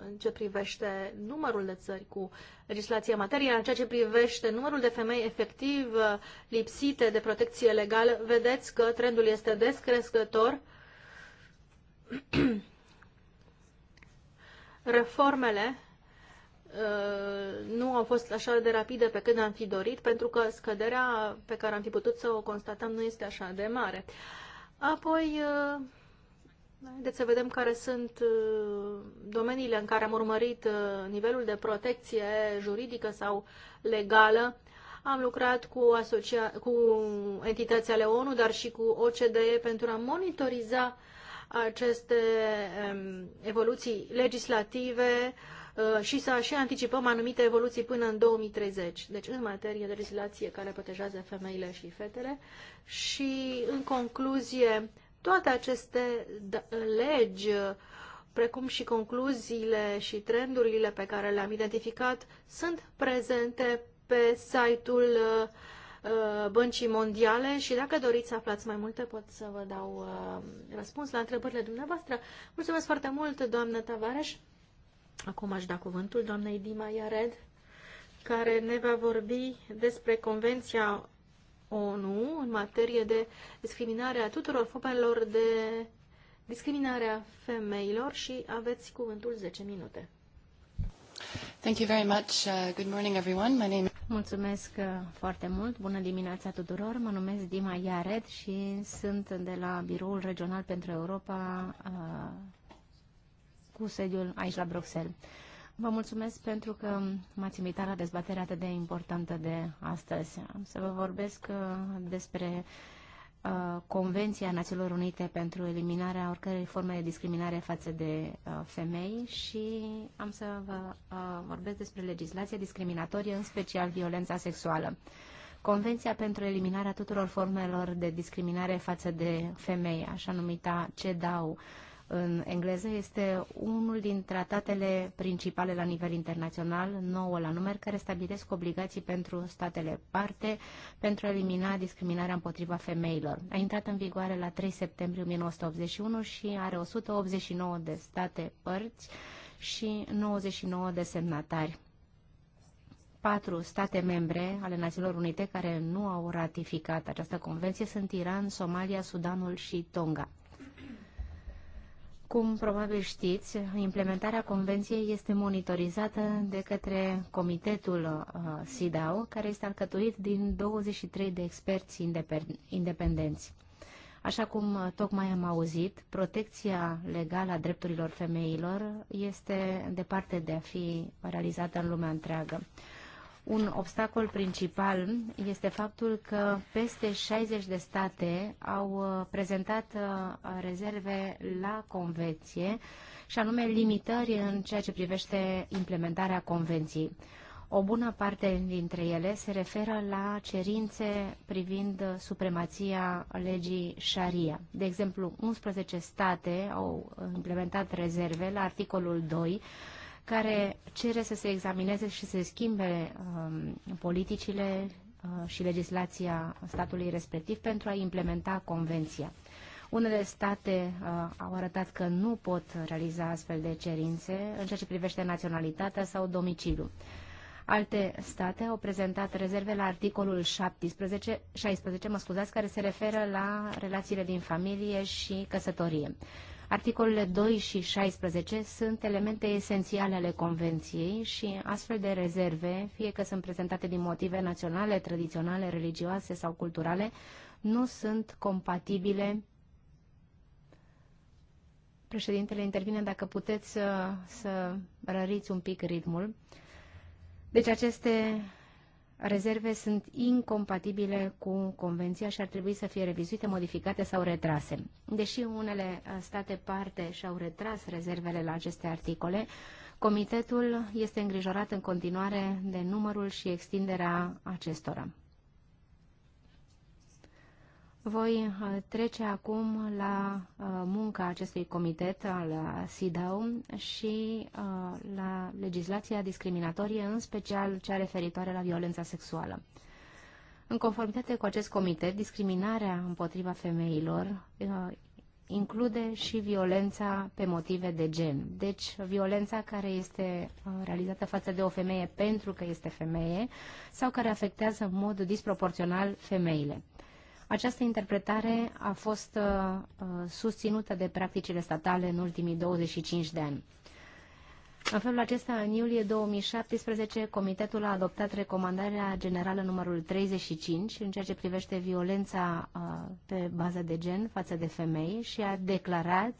în ce privește numărul de țări cu legislație materie. În ceea ce privește numărul de femei efectiv uh, lipsite de protecție legală, vedeți că trendul este descrescător. <clears throat> Reformele Uh, nu au fost așa de rapide pe cât am fi dorit, pentru că scăderea pe care am fi putut să o constatăm nu este așa de mare. Apoi, uh, haideți să vedem care sunt uh, domeniile în care am urmărit nivelul de protecție juridică sau legală. Am lucrat cu, asocia- cu entități ale ONU, dar și cu OCDE pentru a monitoriza aceste um, evoluții legislative, Uh, și să și anticipăm anumite evoluții până în 2030, deci în materie de legislație care protejează femeile și fetele. Și, în concluzie, toate aceste da, legi, precum și concluziile și trendurile pe care le-am identificat, sunt prezente pe site-ul uh, uh, Băncii Mondiale și dacă doriți să aflați mai multe, pot să vă dau răspuns la întrebările dumneavoastră. Mulțumesc foarte mult, doamnă Tavares. Acum aș da cuvântul doamnei Dima Iared, care ne va vorbi despre Convenția ONU în materie de discriminare a tuturor formelor de discriminarea femeilor și aveți cuvântul 10 minute. Thank you very much. Uh, good morning everyone. My name Mulțumesc uh, foarte mult. Bună dimineața tuturor. Mă numesc Dima Iared și sunt de la Biroul Regional pentru Europa uh, cu sediul aici la Bruxelles. Vă mulțumesc pentru că m-ați invitat la dezbaterea atât de importantă de astăzi. Am să vă vorbesc uh, despre uh, Convenția Națiunilor Unite pentru eliminarea oricărei forme de discriminare față de uh, femei și am să vă vorbesc despre legislația discriminatorie, în special violența sexuală. Convenția pentru eliminarea tuturor formelor de discriminare față de femei, așa numita CEDAW, în engleză, este unul din tratatele principale la nivel internațional, nouă la număr, care stabilesc obligații pentru statele parte pentru a elimina discriminarea împotriva femeilor. A intrat în vigoare la 3 septembrie 1981 și are 189 de state părți și 99 de semnatari patru state membre ale Națiunilor Unite care nu au ratificat această convenție sunt Iran, Somalia, Sudanul și Tonga. Cum probabil știți, implementarea convenției este monitorizată de către Comitetul uh, SIDAO, care este alcătuit din 23 de experți independenți. Așa cum uh, tocmai am auzit, protecția legală a drepturilor femeilor este departe de a fi realizată în lumea întreagă. Un obstacol principal este faptul că peste 60 de state au uh, prezentat uh, rezerve la convenție și anume limitări în ceea ce privește implementarea convenției. O bună parte dintre ele se referă la cerințe privind supremația legii Sharia. De exemplu, 11 state au implementat rezerve la articolul 2 care cere să se examineze și să se schimbe um, politicile uh, și legislația statului respectiv pentru a implementa convenția. Unele state uh, au arătat că nu pot realiza astfel de cerințe în ceea ce privește naționalitatea sau domiciliu. Alte state au prezentat rezerve la articolul 17, 16, mă scuzați, care se referă la relațiile din familie și căsătorie. Articolele 2 și 16 sunt elemente esențiale ale Convenției și astfel de rezerve, fie că sunt prezentate din motive naționale, tradiționale, religioase sau culturale, nu sunt compatibile. Președintele intervine dacă puteți să, să răriți un pic ritmul. Deci aceste rezerve sunt incompatibile cu Convenția și ar trebui să fie revizuite, modificate sau retrase. Deși unele state parte și-au retras rezervele la aceste articole, Comitetul este îngrijorat în continuare de numărul și extinderea acestora. Voi uh, trece acum la uh, munca acestui comitet uh, al SIDAU și la legislația discriminatorie, în special cea referitoare la violența sexuală. În conformitate cu acest comitet, discriminarea împotriva femeilor include și violența pe motive de gen. Deci, violența care este realizată față de o femeie pentru că este femeie sau care afectează în mod disproporțional femeile. Această interpretare a fost uh, uh, susținută de practicile statale în ultimii 25 de ani. În felul acesta, în iulie 2017, Comitetul a adoptat recomandarea generală numărul 35 în ceea ce privește violența uh, pe bază de gen față de femei și a declarat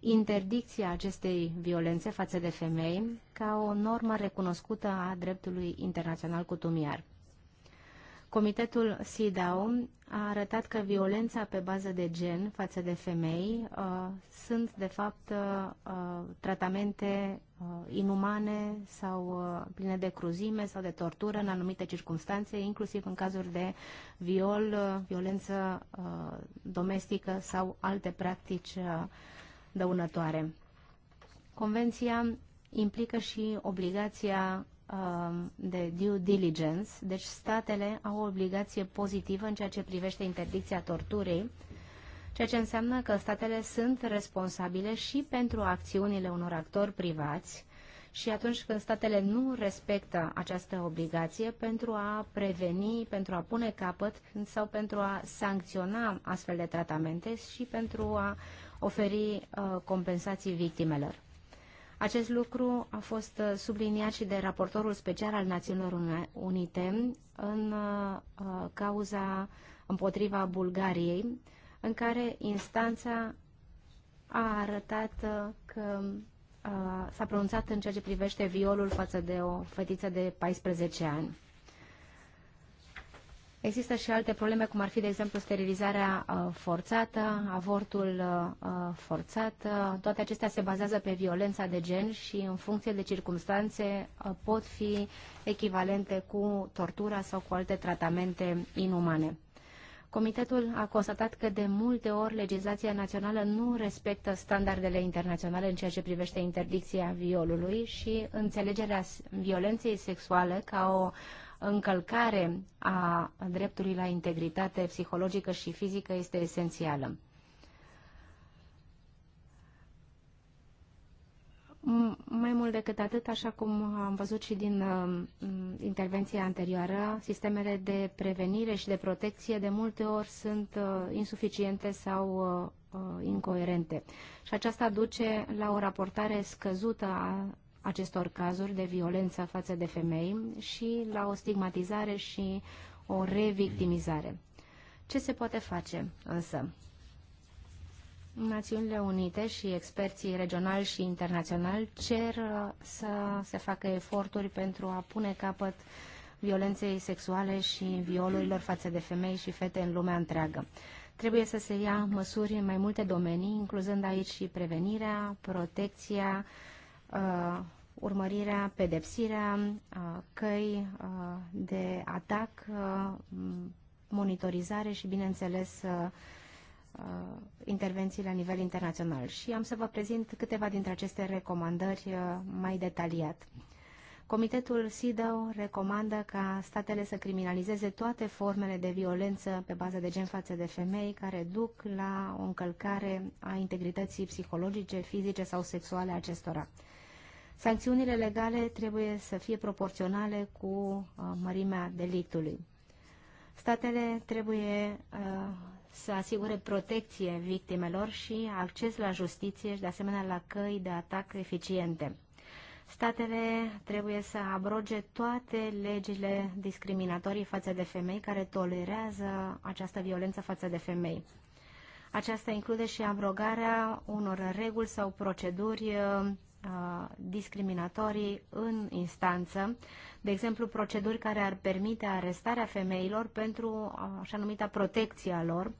interdicția acestei violențe față de femei ca o normă recunoscută a dreptului internațional cutumiar. Comitetul SIDAO a arătat că violența pe bază de gen față de femei uh, sunt, de fapt, uh, uh, tratamente uh, inumane sau uh, pline de cruzime sau de tortură în anumite circunstanțe, inclusiv în cazuri de viol, uh, violență uh, domestică sau alte practici uh, dăunătoare. Convenția implică și obligația Um, de due diligence, deci statele au o obligație pozitivă în ceea ce privește interdicția torturii, ceea ce înseamnă că statele sunt responsabile și pentru acțiunile unor actori privați și atunci când statele nu respectă această obligație pentru a preveni, pentru a pune capăt sau pentru a sancționa astfel de tratamente și pentru a oferi uh, compensații victimelor. Acest lucru a fost uh, subliniat și de raportorul special al Națiunilor Unite în uh, uh, cauza împotriva Bulgariei, în care instanța a arătat că s-a pronunțat în ceea ce privește violul față de o fetiță de 14 ani. Există și alte probleme, cum ar fi, de exemplu, sterilizarea uh, forțată, avortul uh, uh, forțat. Toate acestea se bazează pe violența de gen și, în funcție de circunstanțe, pot fi echivalente cu tortura sau cu alte tratamente inumane. Comitetul a constatat că de multe ori legislația națională nu respectă standardele internaționale în ceea ce privește interdicția violului și înțelegerea violenței sexuale ca o încălcare a dreptului la integritate psihologică și fizică este esențială. Mai mult decât atât, așa cum am văzut și din uh, intervenția anterioară, sistemele de prevenire și de protecție de multe ori sunt uh, insuficiente sau uh, uh incoerente. Și aceasta duce la o raportare scăzută a acestor cazuri de violență față de femei și la o stigmatizare și o revictimizare. Ce se poate face însă? Națiunile Unite și experții regionali și internaționali cer uh, să se facă eforturi pentru a pune capăt violenței sexuale și violurilor față de femei și fete în lumea întreagă. Trebuie să se ia măsuri în mai multe domenii, incluzând aici și prevenirea, protecția, uh, uh, urmărirea, pedepsirea, uh, căi uh, de atac, uh, monitorizare și, bineînțeles, uh, uh, intervenții la nivel internațional. Și am să vă prezint câteva dintre aceste recomandări uh, mai detaliat. Comitetul SIDAO recomandă ca statele să criminalizeze toate formele de violență pe bază de gen față de femei care duc la o încălcare a integrității psihologice, fizice sau sexuale acestora. Sancțiunile legale trebuie să fie proporționale cu uh, mărimea delictului. Statele trebuie uh, să asigure protecție victimelor și acces la justiție și de asemenea la căi de atac eficiente. Statele trebuie să abroge toate legile discriminatorii față de femei care tolerează această violență față de femei. Aceasta include și abrogarea unor reguli sau proceduri uh, discriminatorii în instanță, de exemplu proceduri care ar permite arestarea femeilor pentru așa numita protecție a lor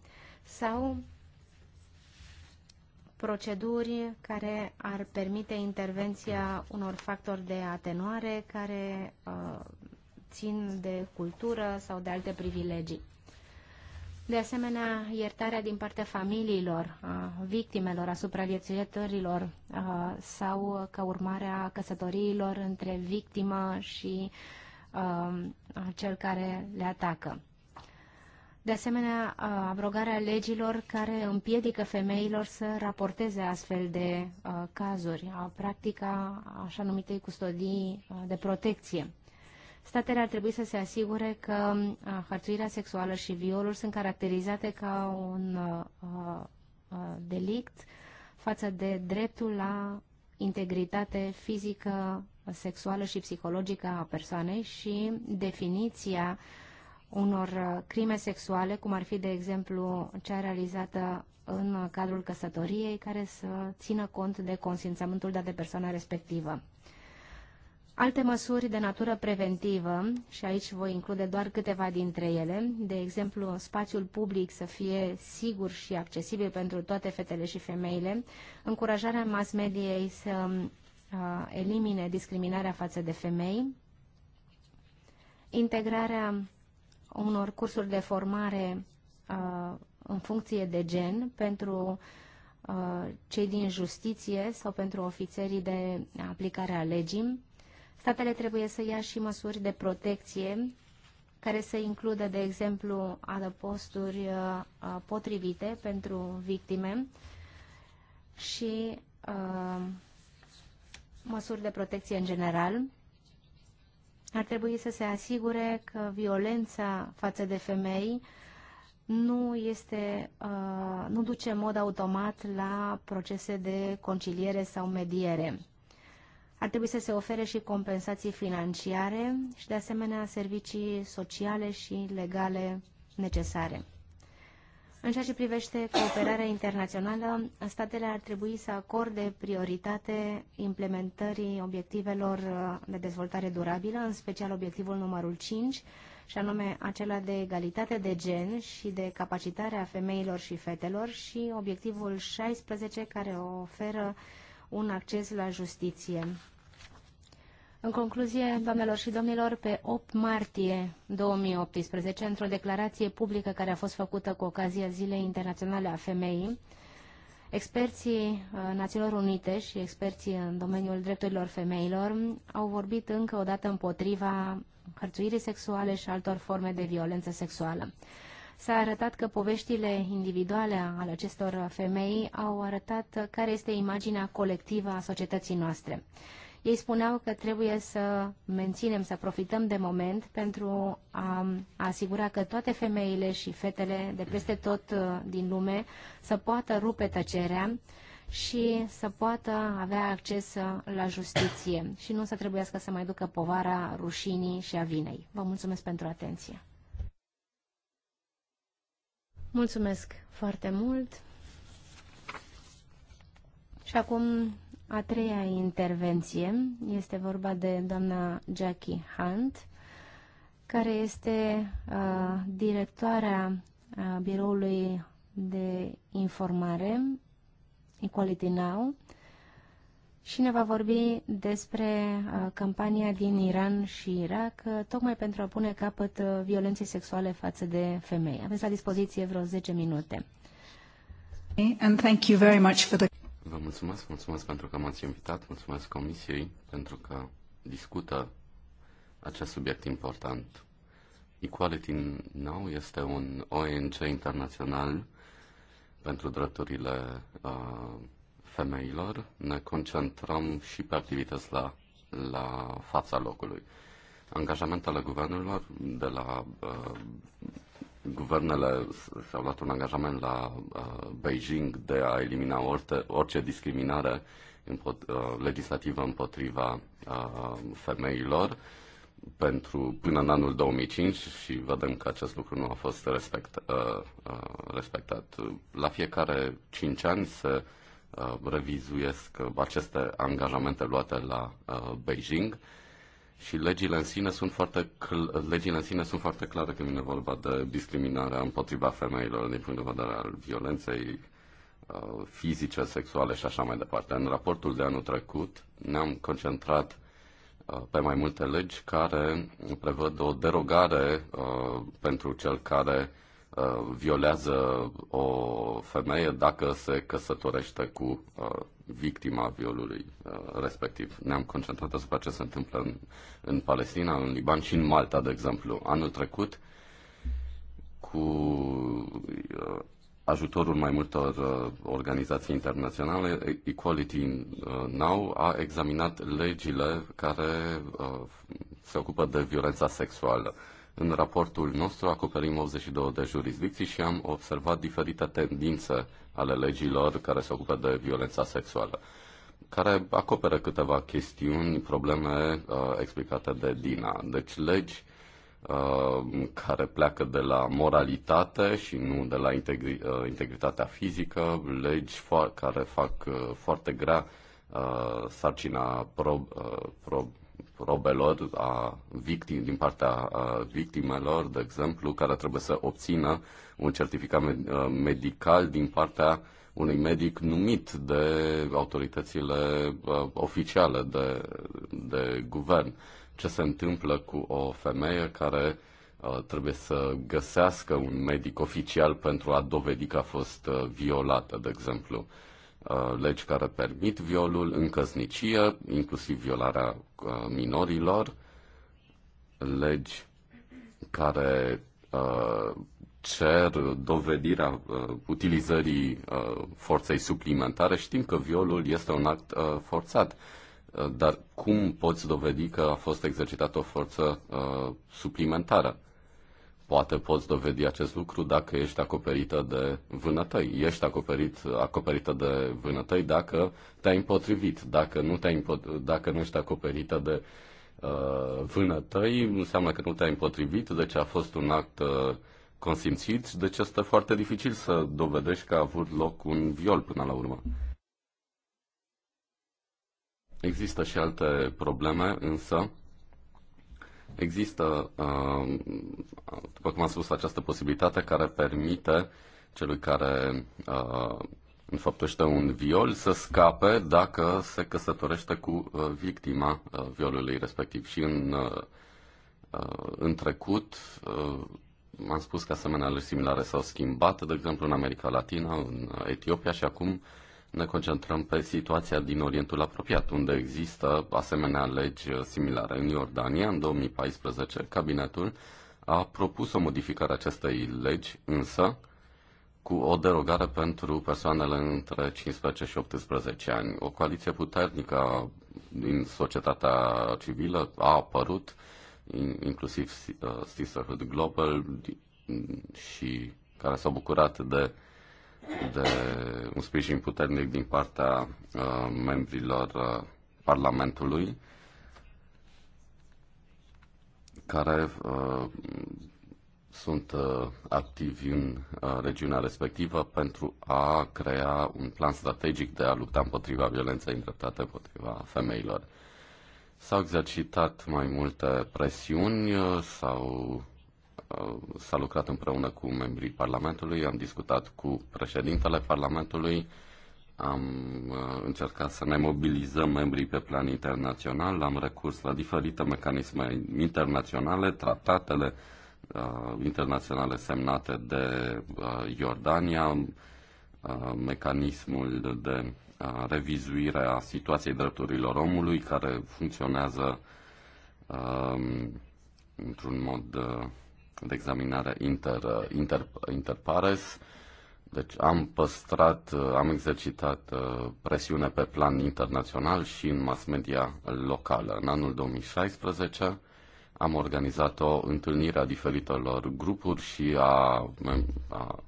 sau proceduri care ar permite intervenția unor factori de atenuare care uh, țin de cultură sau de alte privilegii. De asemenea, iertarea din partea familiilor, a victimelor, a supraviețuitorilor sau ca urmare a căsătoriilor între victimă și a, cel care le atacă. De asemenea, abrogarea legilor care împiedică femeilor să raporteze astfel de a, cazuri, a practica așa numitei custodii de protecție. Statele ar trebui să se asigure că uh, hărțuirea sexuală și violul sunt caracterizate ca un uh, uh, delict față de dreptul la integritate fizică, sexuală și psihologică a persoanei și definiția unor crime sexuale, cum ar fi, de exemplu, cea realizată în cadrul căsătoriei, care să țină cont de consimțământul dat de persoana respectivă. Alte măsuri de natură preventivă, și aici voi include doar câteva dintre ele, de exemplu, spațiul public să fie sigur și accesibil pentru toate fetele și femeile, încurajarea mass mediei să uh, elimine discriminarea față de femei, integrarea unor cursuri de formare uh, în funcție de gen pentru uh, cei din justiție sau pentru ofițerii de aplicare a legii, Statele trebuie să ia și măsuri de protecție care să includă, de exemplu, adăposturi uh, uh, potrivite pentru victime și uh, măsuri de protecție în general. Ar trebui să se asigure că violența față de femei nu, este, uh, nu duce în mod automat la procese de conciliere sau mediere. Ar trebui să se ofere și compensații financiare și, de asemenea, servicii sociale și legale necesare. În ceea ce privește cooperarea internațională, statele ar trebui să acorde prioritate implementării obiectivelor de dezvoltare durabilă, în special obiectivul numărul 5, și anume acela de egalitate de gen și de capacitarea femeilor și fetelor și obiectivul 16 care oferă uh, un acces la justiție. În concluzie, doamnelor și domnilor, pe 8 martie 2018, într-o declarație publică care a fost făcută cu ocazia Zilei Internaționale a Femeii, Experții uh, Națiunilor Unite și experții în domeniul drepturilor femeilor au vorbit încă o dată împotriva hărțuirii sexuale și altor forme de violență sexuală. S-a arătat că poveștile individuale ale acestor femei au arătat care este imaginea colectivă a societății noastre. Ei spuneau că trebuie să menținem, să profităm de moment pentru a asigura că toate femeile și fetele de peste tot uh, din lume să poată rupe tăcerea și să poată avea acces la justiție și nu să trebuiască să mai ducă povara rușinii și a vinei. Vă mulțumesc pentru atenție. Mulțumesc foarte mult. Și acum a treia intervenție este vorba de doamna Jackie Hunt, care este uh, directoarea uh, biroului de informare Equality Now, uh, și ne va vorbi despre uh, campania din Iran și Irak, uh, tocmai pentru a pune capăt uh, violenței sexuale față de femei. Aveți la dispoziție vreo 10 minute. And thank you very much for the... Vă mulțumesc, mulțumesc pentru că m-ați invitat, mulțumesc Comisiei pentru că discută acest subiect important. Equality Now este un ONG internațional pentru drepturile uh, femeilor, ne concentrăm și pe activități la, la fața locului. Angajamentele guvernelor de la uh, guvernele s au luat un angajament la uh, Beijing de a elimina orice, orice discriminare împot, uh, legislativă împotriva uh, femeilor pentru până în anul 2005 și vedem că acest lucru nu a fost respect, uh, uh, respectat. La fiecare 5 ani se Uh, revizuiesc uh, aceste angajamente luate la uh, Beijing și legile în sine sunt foarte, cl- legile în sine sunt foarte clare când vine vorba de discriminarea împotriva femeilor din punct de vedere al violenței fizice, sexuale și așa mai departe. În raportul de anul trecut ne-am concentrat pe mai multe legi care prevăd o derogare pentru cel care Uh, violează o femeie dacă se căsătorește cu uh, victima violului uh, respectiv. Ne-am concentrat asupra ce se întâmplă în, în Palestina, în Liban și în Malta, de exemplu. Anul trecut, cu ajutorul mai multor organizații internaționale, Equality Now a examinat legile care se ocupă de violența sexuală. În raportul nostru acoperim 82 de jurisdicții și am observat diferite tendințe ale legilor care se ocupă de violența sexuală, care acoperă câteva chestiuni, probleme uh, explicate de Dina. Deci legi uh, care pleacă de la moralitate și nu de la integri- uh, integritatea fizică, legi fo- care fac uh, foarte grea uh, sarcina prob- uh, prob- probelor a victim, din partea a victimelor, de exemplu, care trebuie să obțină un certificat uh, medical din partea unui medic numit de autoritățile uh, oficiale de, de guvern. Ce se întâmplă cu o femeie care uh, trebuie să găsească un medic oficial pentru a dovedi că a fost violată, de exemplu. Uh, legi care permit violul în căsnicie, inclusiv violarea uh, minorilor, legi care uh, cer dovedirea utilizării forței suplimentare. Știm că violul este un act forțat, dar cum poți dovedi că a fost exercitată o forță suplimentară? poate poți dovedi acest lucru dacă ești acoperită de vânătăi. Ești acoperit, acoperită de vânătăi dacă te-ai împotrivit. Dacă nu, te-ai împot- dacă nu ești acoperită de uh, vânătăi, înseamnă că nu te-ai împotrivit, deci a fost un act uh, consimțit, deci este foarte dificil să dovedești că a avut loc un viol până la urmă. Există și alte probleme, însă Există, uh, după cum am spus, această posibilitate care permite celui care uh, înfăptuiește un viol să scape dacă se căsătorește cu uh, victima violului respectiv. Și în, în trecut am spus că asemenea similare s-au schimbat, de exemplu în America Latina, în Etiopia și acum ne concentrăm pe situația din Orientul Apropiat, unde există asemenea legi similare. În Iordania, în 2014, cabinetul a propus o modificare a acestei legi, însă cu o derogare pentru persoanele între 15 și 18 ani. O coaliție puternică din societatea civilă a apărut, inclusiv uh, Sisterhood Global și care s-au bucurat de de un sprijin puternic din partea uh, membrilor uh, Parlamentului care uh, sunt activi în regiunea respectivă pentru a crea un plan strategic de a lupta împotriva violenței îndreptate împotriva femeilor. S-au exercitat mai multe presiuni, s-au Uh, s-a lucrat împreună cu membrii Parlamentului, am discutat cu președintele Parlamentului, am uh, încercat să ne mobilizăm membrii pe plan internațional, am recurs la diferite mecanisme internaționale, tratatele uh, internaționale semnate de uh, Iordania, uh, mecanismul de uh, revizuire a situației drepturilor omului care funcționează uh, într-un mod uh, de examinare inter, inter, interpares. Deci am păstrat, am exercitat uh, presiune pe plan internațional și în mass media locală. În anul 2016 am organizat o întâlnire a diferitelor grupuri și a, a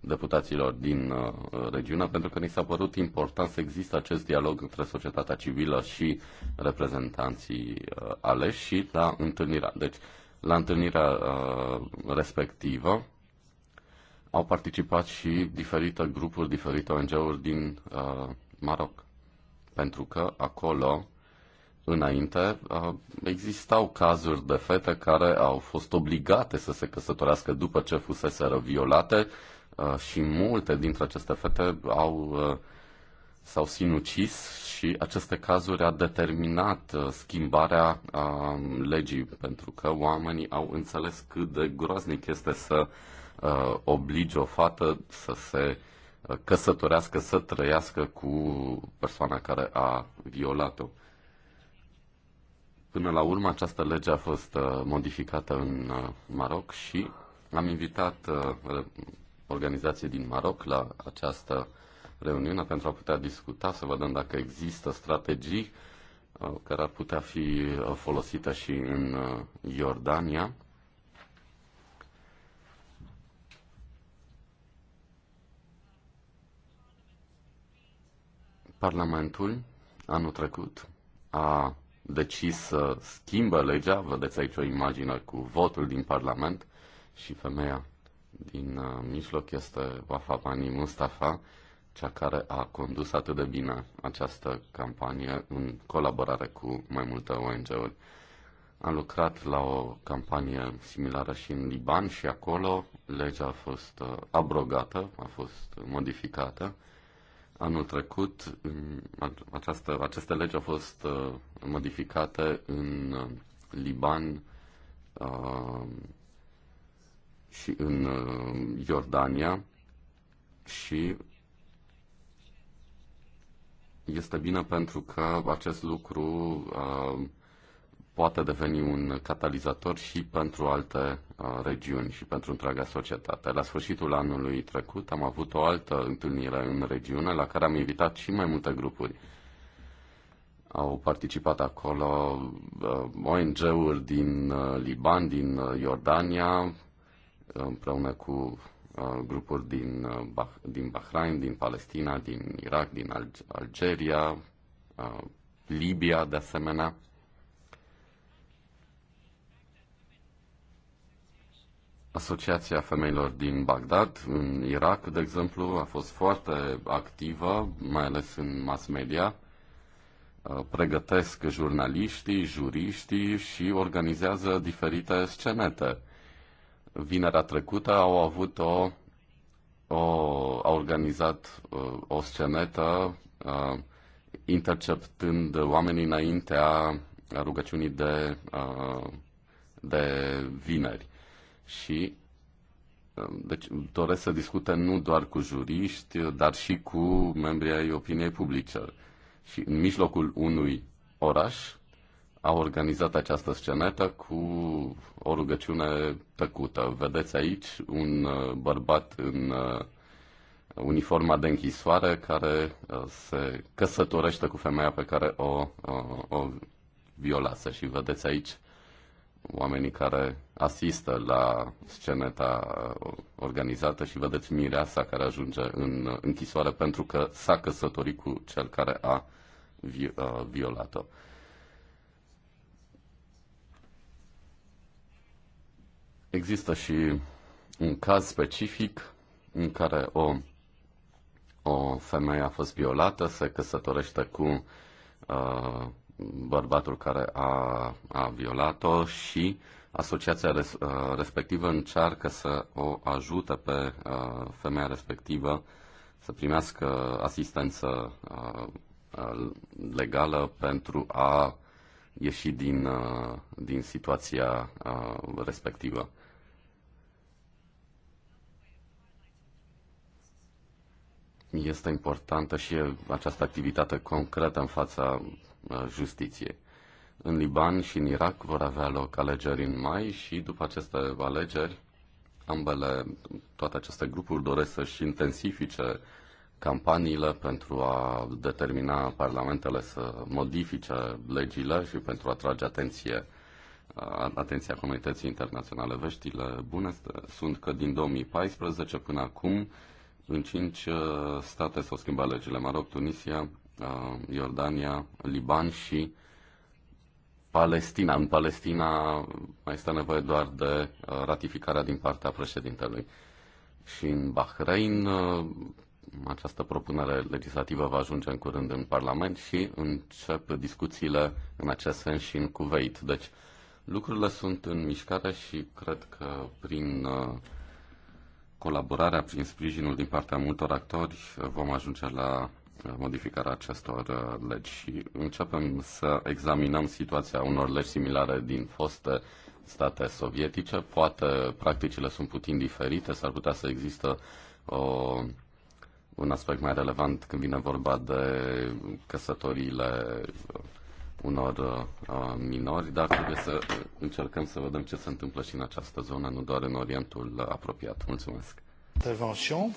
deputaților din uh, regiune, pentru că ni s-a părut important să există acest dialog între societatea civilă și reprezentanții uh, aleși și la întâlnirea. Deci la întâlnirea uh, respectivă au participat și diferite grupuri, diferite ONG-uri din uh, Maroc. Pentru că acolo, înainte, uh, existau cazuri de fete care au fost obligate să se căsătorească după ce fuseseră violate și multe dintre aceste fete au uh, s-au sinucis și aceste cazuri a determinat uh, schimbarea a, uh, legii, pentru că oamenii au înțeles cât de groaznic este să a, uh, oblige o fată să se căsătorească, să trăiască cu persoana care a violat-o. Până la urmă, această lege a fost modificată în Maroc și am invitat organizații din Maroc la această reuniunea pentru a putea discuta, să vedem dacă există strategii uh, care ar putea fi uh, folosită și în uh, Iordania. Parlamentul anul trecut a decis să schimbă legea, vedeți aici o imagine cu votul din Parlament și femeia din mijloc este Wafa Mustafa, cea care a condus atât de bine această campanie în colaborare cu mai multe ONG-uri. Am lucrat la o campanie similară și în Liban și acolo legea a fost uh, abrogată, a fost modificată. Anul trecut această, aceste legi au fost uh, modificate în uh, Liban și în Iordania și este bine pentru că acest lucru poate deveni un catalizator și pentru alte regiuni și pentru întreaga societate. La sfârșitul anului trecut am avut o altă întâlnire în regiune la care am invitat și mai multe grupuri. Au participat acolo ONG-uri din Liban, din Iordania, împreună cu Uh, grupuri din, uh, din Bahrain, din Palestina, din Irak, din Algeria, uh, Libia de asemenea. Asociația Femeilor din Bagdad, în Irak, de exemplu, a fost foarte activă, mai ales în mass media. Pregătesc jurnaliștii, juriștii și organizează diferite scenete vinerea trecută au avut o, o au organizat uh, o scenetă uh, interceptând oamenii înaintea rugăciunii de, uh, de vineri. Și uh, deci doresc să discute nu doar cu juriști, dar și cu membrii ai opiniei publice. Și în mijlocul unui oraș au organizat această scenetă cu o rugăciune tăcută. Vedeți aici un uh, bărbat în uh, uniforma de închisoare care uh, se căsătorește cu femeia pe care o, o, o violase și vedeți aici oamenii care asistă la sceneta organizată și vedeți mireasa care ajunge în închisoare pentru că s-a căsătorit cu cel care a violat-o. Există și un caz specific în care o, o femeie a fost violată, se căsătorește cu uh, bărbatul care a, a violat-o și asociația res, uh, respectivă încearcă să o ajute pe uh, femeia respectivă să primească asistență uh, uh legală pentru a ieși din, uh, din situația uh, respectivă. este importantă și această activitate concretă în fața uh, justiției. În Liban și în Irak vor avea loc alegeri în mai și după aceste alegeri, ambele, toate aceste grupuri doresc să-și intensifice campaniile pentru a determina parlamentele să modifice legile și pentru a atrage atenție uh, atenția comunității internaționale. Veștile bune sunt că din 2014 până acum în cinci uh, state s-au schimbat legile. Maroc, Tunisia, uh, Iordania, Liban și Palestina. În Palestina mai este nevoie doar de uh, ratificarea din partea președintelui. Și în Bahrain această propunere legislativă va ajunge în curând în Parlament și încep discuțiile în acest sens și în Kuwait. Deci lucrurile sunt în mișcare și cred că prin colaborarea prin sprijinul din partea multor actori vom ajunge la uh, modificarea acestor uh, legi și începem să examinăm situația unor legi similare din foste state sovietice. Poate practicile sunt puțin diferite, s-ar putea să există o, un aspect mai relevant când vine vorba de căsătoriile unor uh, minori, dar trebuie să uh, încercăm să vedem ce se întâmplă și în această zonă, nu doar în Orientul apropiat. Mulțumesc! Intervention.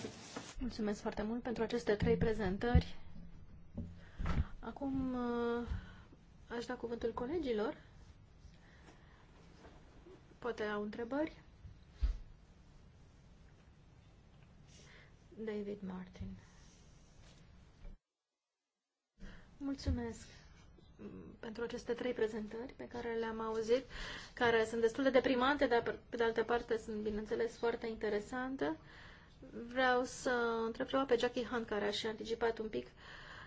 Mulțumesc foarte mult pentru aceste trei prezentări. Acum uh, aș da cuvântul colegilor. Poate au întrebări? David Martin. Mulțumesc! pentru aceste trei prezentări pe care le-am auzit, care sunt destul de deprimante, dar pe de altă parte sunt, bineînțeles, foarte interesante. Vreau să întreb ceva pe Jackie Hunt, care și anticipat un pic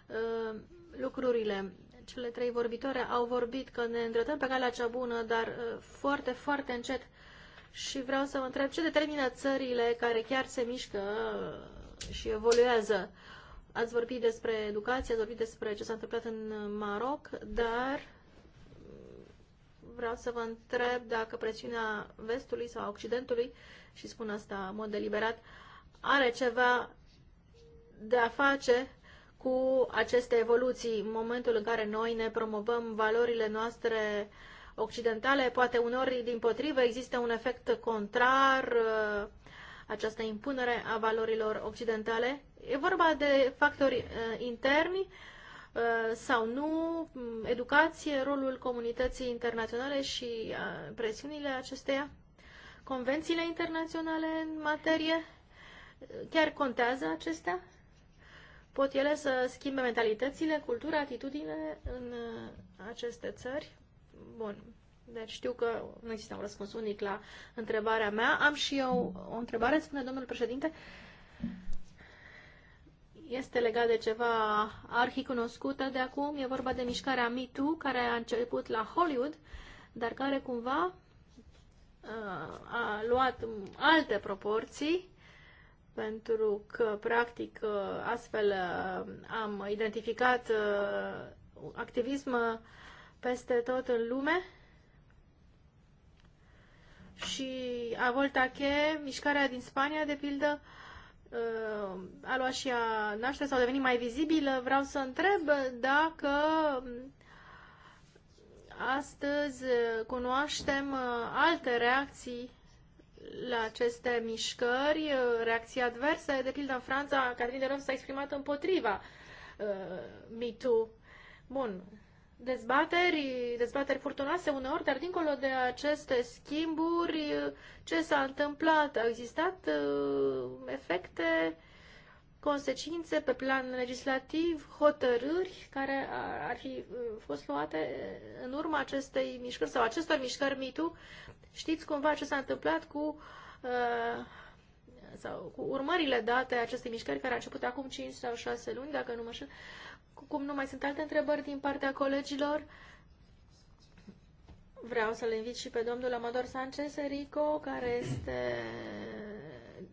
uh, lucrurile. Cele trei vorbitoare au vorbit că ne îndreptăm pe calea cea bună, dar uh, foarte, foarte încet. Și vreau să vă întreb ce determină țările care chiar se mișcă uh, și evoluează. Uh, Ați vorbit despre educație, ați vorbit despre ce s-a întâmplat în Maroc, dar vreau să vă întreb dacă presiunea vestului sau occidentului, și spun asta în mod deliberat, are ceva de a face cu aceste evoluții, în momentul în care noi ne promovăm valorile noastre occidentale, poate unor din potrivă există un efect contrar, uh, această impunere a valorilor occidentale E vorba de factori uh, interni uh, sau nu, mm, educație, rolul comunității internaționale și uh, presiunile acesteia, convențiile internaționale în materie, chiar contează acestea? Pot ele să schimbe mentalitățile, cultura, atitudinile în aceste țări? Bun, deci știu că nu există un răspuns unic la întrebarea mea. Am și eu o întrebare, spune domnul președinte este legat de ceva arhicunoscută de acum. E vorba de mișcarea Me Too, care a început la Hollywood, dar care cumva uh, a luat alte proporții pentru că, practic, uh, astfel uh, am identificat activism peste tot în lume și a Voltache, mișcarea din Spania, de pildă, Uh, a luat și a naște sau a devenit mai vizibilă, vreau să întreb dacă um, astăzi uh, cunoaștem uh, alte reacții la aceste mișcări, reacții adverse. De pildă, în Franța, Catherine de s-a exprimat împotriva uh, MeToo. Bun, dezbateri, dezbateri furtunoase uneori, dar dincolo de aceste schimburi, ce s-a întâmplat? Au existat uh, efecte, consecințe pe plan legislativ, hotărâri care ar fi uh, fost luate în urma acestei mișcări sau acestor mișcări mitu. Știți cumva ce s-a întâmplat cu uh, sau cu urmările date acestei mișcări care a început acum 5 sau 6 luni, dacă nu mă știu, cum nu mai sunt alte întrebări din partea colegilor, vreau să-l invit și pe domnul Amador Sanchez Rico, care este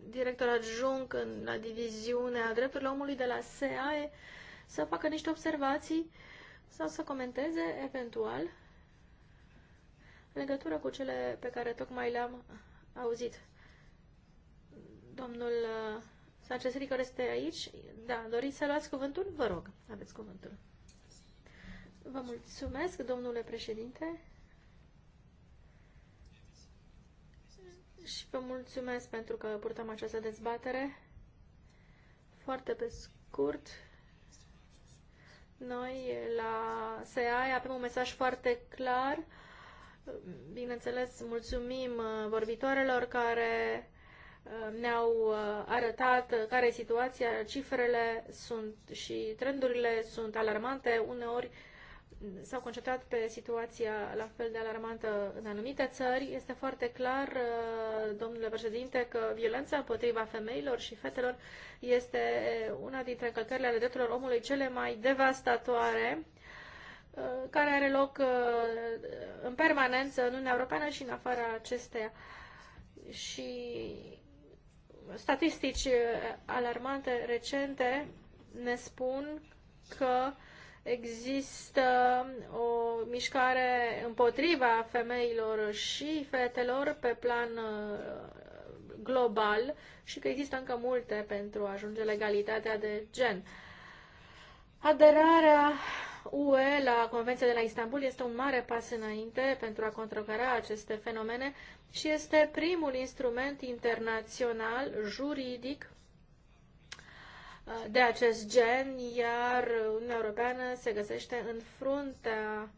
director adjunct în la diviziunea drepturilor omului de la SEAE, să facă niște observații sau să comenteze eventual în legătură cu cele pe care tocmai le-am auzit. Domnul sau Sancesiri care este aici. Da, doriți să luați cuvântul? Vă rog, aveți cuvântul. Vă mulțumesc, domnule președinte. Și vă mulțumesc pentru că purtăm această dezbatere. Foarte pe scurt, noi la SEAI avem un mesaj foarte clar. Bineînțeles, mulțumim uh, vorbitoarelor care Uh, ne-au uh, arătat care e situația, cifrele sunt și trendurile sunt alarmante, uneori s-au concentrat pe situația la fel de alarmantă în anumite țări. Este foarte clar, uh, domnule președinte, că violența împotriva femeilor și fetelor este una dintre încălcările ale drepturilor omului cele mai devastatoare care are loc în permanență în Uniunea Europeană și în afara acesteia. Și statistici uh, alarmante recente ne spun că există o mișcare împotriva femeilor și fetelor pe plan uh, global și că există încă multe pentru a ajunge legalitatea de gen. Aderarea UE la Convenția de la Istanbul este un mare pas înainte pentru a contracara aceste fenomene și este primul instrument internațional juridic uh, de acest gen, iar Uniunea Europeană se găsește în fruntea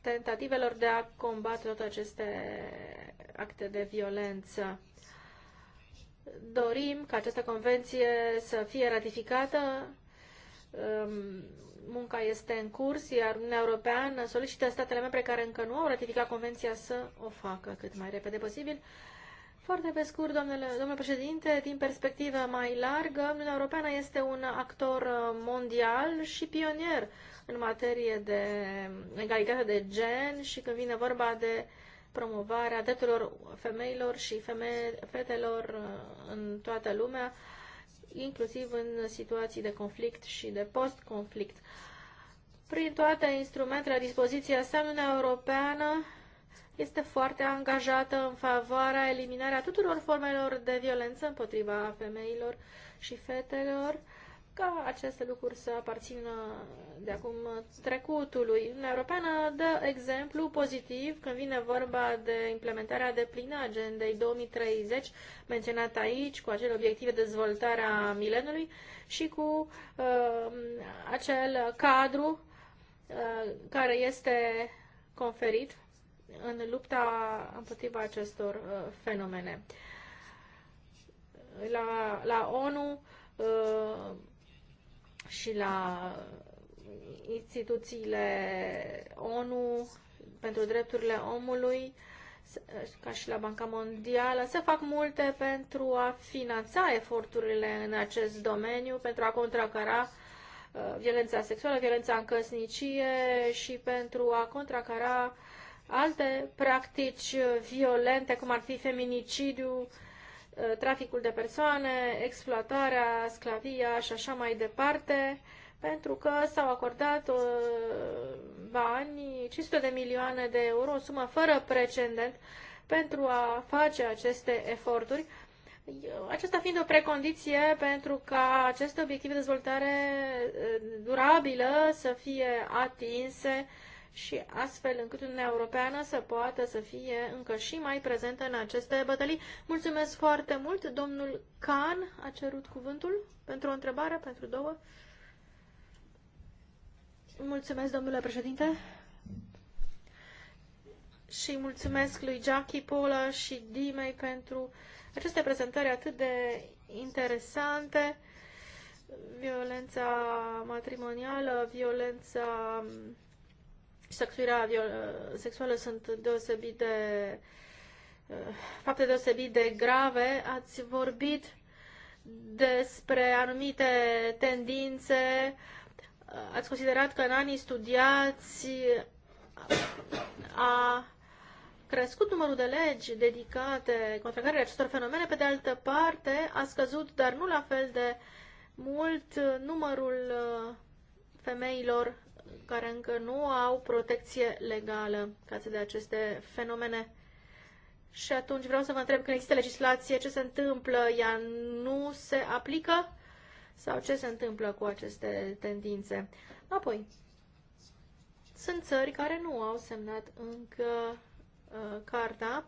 tentativelor de a combate toate aceste acte de violență. Dorim ca această convenție să fie ratificată Um, munca este în curs, iar Uniunea Europeană solicită statele membre care încă nu au ratificat convenția să o facă cât mai repede posibil. Foarte pe scurt, domnule, domnule președinte, din perspectivă mai largă, Uniunea Europeană este un actor uh, mondial și pionier în materie de egalitate de gen și când vine vorba de promovarea drepturilor femeilor și feme fetelor uh, în toată lumea inclusiv în situații de conflict și de post-conflict. Prin toate instrumentele la dispoziție sa, Uniunea Europeană este foarte angajată în favoarea eliminării tuturor formelor de violență împotriva femeilor și fetelor, ca aceste lucruri să aparțină de acum trecutului. Uniunea Europeană dă exemplu pozitiv când vine vorba de implementarea de plină agendei 2030, menționată aici, cu acele obiective de dezvoltare a milenului și cu uh, acel cadru uh, care este conferit în lupta împotriva acestor uh, fenomene. La, la ONU uh, și la instituțiile ONU pentru drepturile omului, ca și la Banca Mondială, se fac multe pentru a finanța eforturile în acest domeniu, pentru a contracara uh, violența sexuală, violența în căsnicie și pentru a contracara alte practici violente, cum ar fi feminicidiu, Uh, traficul de persoane, exploatarea, sclavia și așa mai departe, pentru că s-au acordat uh, bani, 500 de milioane de euro, o sumă fără precedent, pentru a face aceste eforturi, uh, acesta fiind o precondiție pentru ca aceste obiective de dezvoltare durabilă să fie atinse și astfel încât Uniunea Europeană să poată să fie încă și mai prezentă în aceste bătălii. Mulțumesc foarte mult. Domnul Can a cerut cuvântul pentru o întrebare, pentru două. Mulțumesc, domnule președinte. Și mulțumesc lui Jackie Pola și Dimei pentru aceste prezentări atât de interesante. Violența matrimonială, violența sexuirea sexuală sunt deosebit de eh, fapte deosebit de grave. Ați vorbit despre anumite tendințe. Ați considerat că în anii studiați a crescut numărul de legi dedicate contracarării acestor fenomene, pe de altă parte a scăzut, dar nu la fel de mult, numărul eh, femeilor care încă nu au protecție legală față de aceste fenomene. Și atunci vreau să vă întreb, când există legislație, ce se întâmplă? Ea nu se aplică? Sau ce se întâmplă cu aceste tendințe? Apoi, sunt țări care nu au semnat încă uh, carta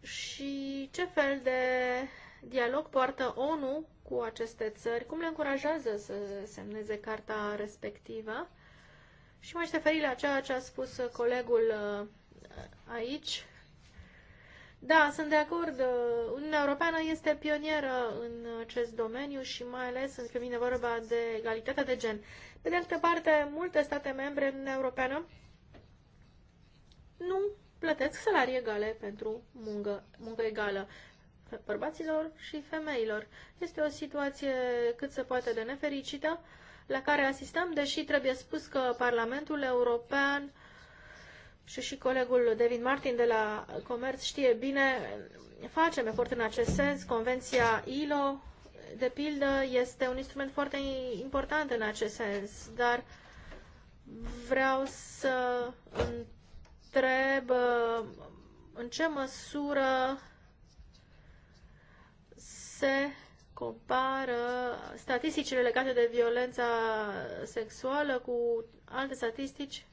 și ce fel de dialog poartă ONU cu aceste țări, cum le încurajează să semneze carta respectivă. Și mai aș la ceea ce a spus colegul uh, aici. Da, sunt de acord. Uniunea Europeană este pionieră în acest domeniu și mai ales când vine vorba de egalitatea de gen. Pe de altă parte, multe state membre în Uniunea Europeană nu plătesc salarii egale pentru muncă, muncă egală bărbaților și femeilor. Este o situație cât se poate de nefericită la care asistăm, deși trebuie spus că Parlamentul European și și colegul David Martin de la Comerț știe bine, facem efort în acest sens. Convenția ILO, de pildă, este un instrument foarte important în acest sens, dar vreau să întreb uh, în ce măsură se compară statisticile legate de violența sexuală cu alte statistici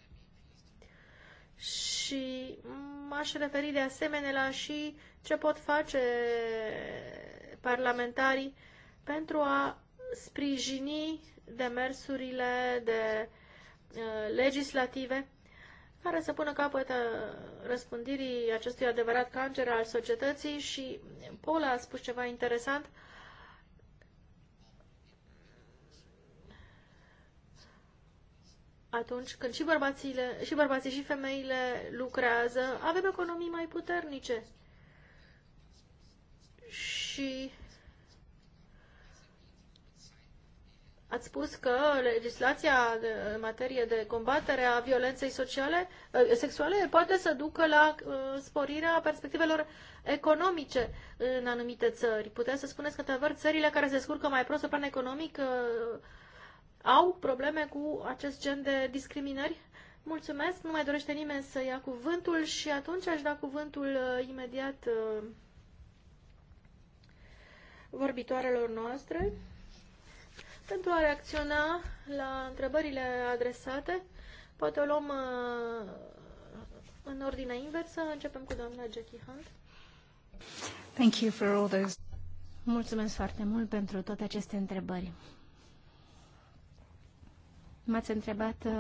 și m-aș referi de asemenea la și ce pot face parlamentarii pentru a sprijini demersurile de uh, legislative care să pună capăt uh, răspândirii acestui adevărat cancer al societății și Paula a spus ceva interesant. Atunci când și, bărbațile, și bărbații și femeile lucrează, avem economii mai puternice. Și Ați spus că legislația în materie de combatere a violenței sociale, eh, sexuale poate să ducă la eh, sporirea perspectivelor economice în anumite țări. Puteți să spuneți că, într-adevăr, țările care se scurcă mai prost pe plan economic eh, au probleme cu acest gen de discriminări? Mulțumesc, nu mai dorește nimeni să ia cuvântul și atunci aș da cuvântul imediat vorbitoarelor noastre. Pentru a reacționa la întrebările adresate, poate o luăm uh, în ordine inversă. Începem cu doamna Jackie Hunt. Thank you for all those. Mulțumesc foarte mult pentru toate aceste întrebări. M-ați întrebat uh,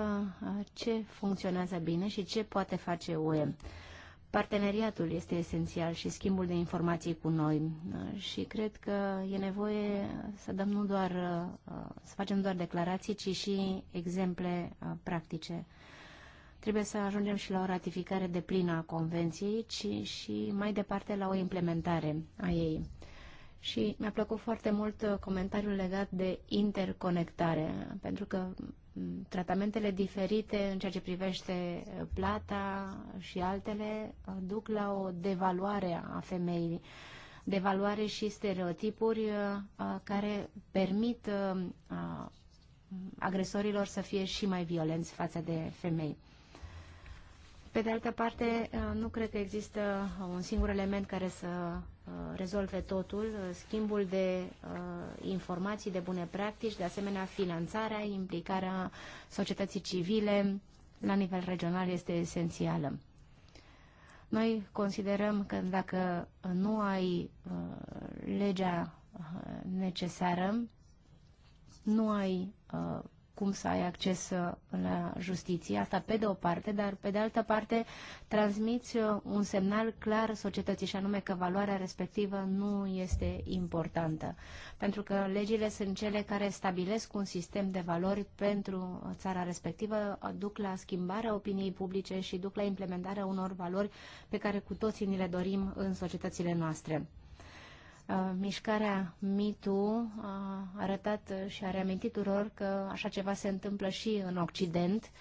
ce funcționează bine și ce poate face UE. Parteneriatul este esențial și schimbul de informații cu noi și cred că e nevoie să dăm nu doar, uh, să facem doar declarații, ci și exemple uh, practice. Trebuie să ajungem și la o ratificare de plină a convenției, ci și mai departe la o implementare a ei. Și mi-a plăcut foarte mult uh, comentariul legat de interconectare, pentru că Mm, tratamentele diferite în ceea ce privește uh, plata și altele uh, duc la o devaluare a femeii, devaluare și stereotipuri uh, care permit agresorilor să fie și mai violenți față de femei. Pe de altă parte, uh, nu cred că există un singur element care să uh, rezolve totul. Schimbul de uh, informații, de bune practici, de asemenea finanțarea, implicarea societății civile la nivel regional este esențială. Noi considerăm că dacă nu ai legea necesară, nu ai cum să ai acces uh, la justiție, asta pe de o parte, dar pe de altă parte transmiți uh, un semnal clar societății și anume că valoarea respectivă nu este importantă. Pentru că legile sunt cele care stabilesc un sistem de valori pentru uh, țara respectivă, duc la schimbarea opiniei publice și duc la implementarea unor valori pe care cu toții ni le dorim în societățile noastre. Uh, mișcarea mitu uh, a arătat și a reamintit tuturor că așa ceva se întâmplă și în Occident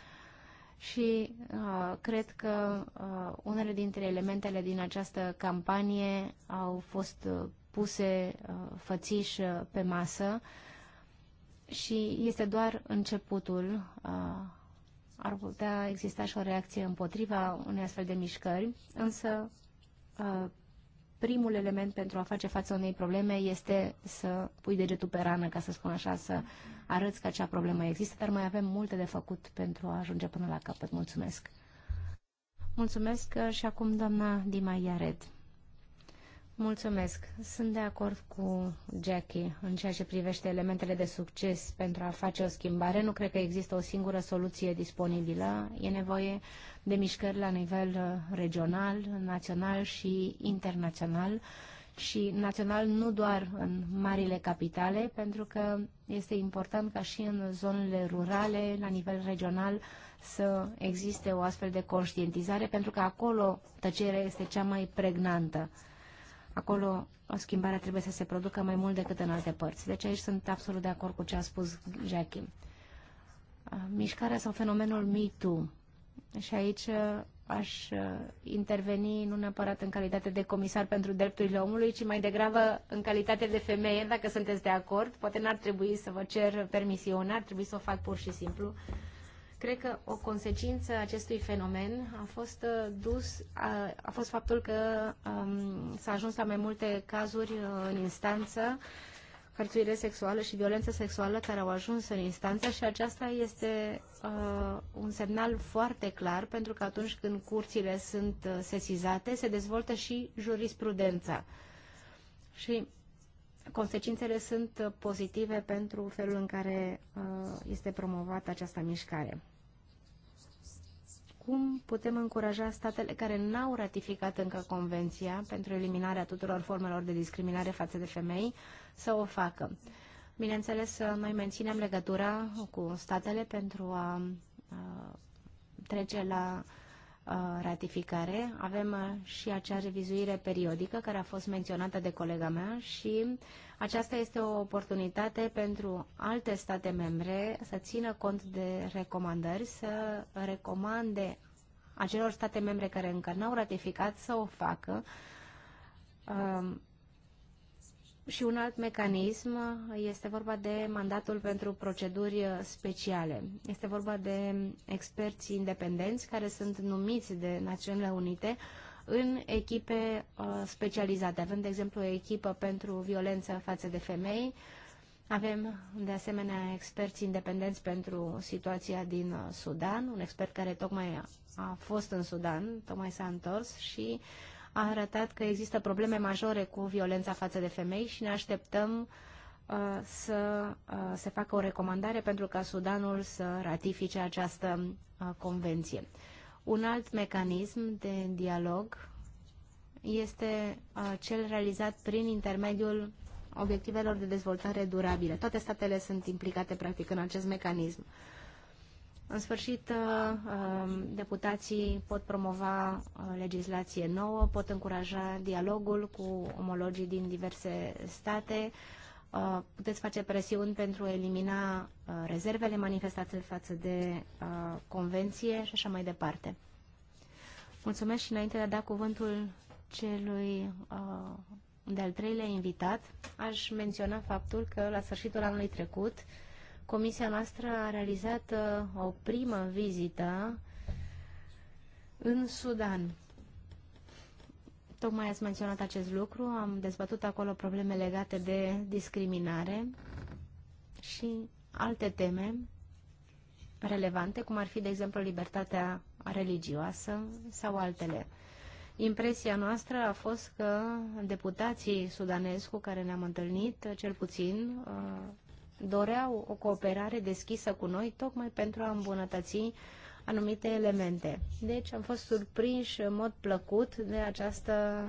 și uh, cred că uh, unele dintre elementele din această campanie au fost uh, puse uh, fățiș uh, pe masă și este doar începutul. Uh, ar putea exista și o reacție împotriva unei astfel de mișcări, însă uh, primul element pentru a face față unei probleme este să pui degetul pe rană, ca să spun așa, să arăți că acea problemă există, dar mai avem multe de făcut pentru a ajunge până la capăt. Mulțumesc! Mulțumesc uh, și acum doamna Dima Iared. Mulțumesc. Sunt de acord cu Jackie în ceea ce privește elementele de succes pentru a face o schimbare. Nu cred că există o singură soluție disponibilă. E nevoie de mișcări la nivel uh, regional, național și internațional și național nu doar în marile capitale, pentru că este important ca și în zonele rurale, la nivel regional, să existe o astfel de conștientizare, pentru că acolo tăcerea este cea mai pregnantă acolo schimbarea trebuie să se producă mai mult decât în alte părți. Deci aici sunt absolut de acord cu ce a spus Jackie. Mișcarea sau fenomenul Me Too. Și aici aș interveni nu neapărat în calitate de comisar pentru drepturile omului, ci mai degrabă în calitate de femeie, dacă sunteți de acord. Poate n-ar trebui să vă cer permisiune, ar trebui să o fac pur și simplu. Uh, Cred că o consecință a acestui fenomen a fost, uh, dus, a, a fost faptul că um, s-a ajuns la mai multe cazuri uh, în instanță, hărțuire sexuală și violență sexuală care au ajuns în instanță și aceasta este uh, un semnal foarte clar pentru că atunci când curțile sunt uh, sesizate se dezvoltă și jurisprudența. Și consecințele sunt pozitive pentru felul în care uh, este promovată această mișcare. Cum putem încuraja statele care n-au ratificat încă convenția pentru eliminarea tuturor formelor de discriminare față de femei să o facă? Bineînțeles, uh, noi menținem legătura cu statele pentru a, a uh, trece la uh, Uh, ratificare. Avem uh, și acea revizuire periodică care a fost menționată de colega mea și aceasta este o oportunitate pentru alte state membre să țină cont de recomandări, să recomande acelor state membre care încă n-au ratificat să o facă um, și un alt mecanism este vorba de mandatul pentru proceduri speciale. Este vorba de experți independenți care sunt numiți de Națiunile Unite în echipe uh, specializate. Avem, de exemplu, o echipă pentru violență față de femei, avem, de asemenea, experți independenți pentru situația din uh, Sudan, un expert care tocmai a fost în Sudan, tocmai s-a întors și uh, a arătat că există probleme majore cu violența față de femei și ne așteptăm uh, să uh, se facă o recomandare pentru ca Sudanul să ratifice această uh, convenție. Un alt mecanism de dialog este uh, cel realizat prin intermediul obiectivelor de dezvoltare durabile. Toate statele sunt implicate practic în acest mecanism. Uh, în sfârșit, uh, uh, deputații pot promova uh, legislație nouă, pot încuraja dialogul cu omologii din diverse state, puteți face presiuni pentru a elimina rezervele manifestate față de convenție și așa mai departe. Mulțumesc și înainte de a da cuvântul celui de-al treilea invitat, aș menționa faptul că la sfârșitul anului trecut, Comisia noastră a realizat uh, o primă vizită în Sudan. Tocmai ați menționat acest lucru, am dezbătut acolo probleme legate de discriminare și alte teme relevante, cum ar fi, de exemplu, libertatea religioasă sau altele. Impresia noastră a fost că deputații sudanezi cu care ne-am întâlnit, cel puțin, uh, doreau o cooperare deschisă cu noi tocmai pentru a îmbunătăți anumite elemente. Deci am fost surprinși în mod plăcut de această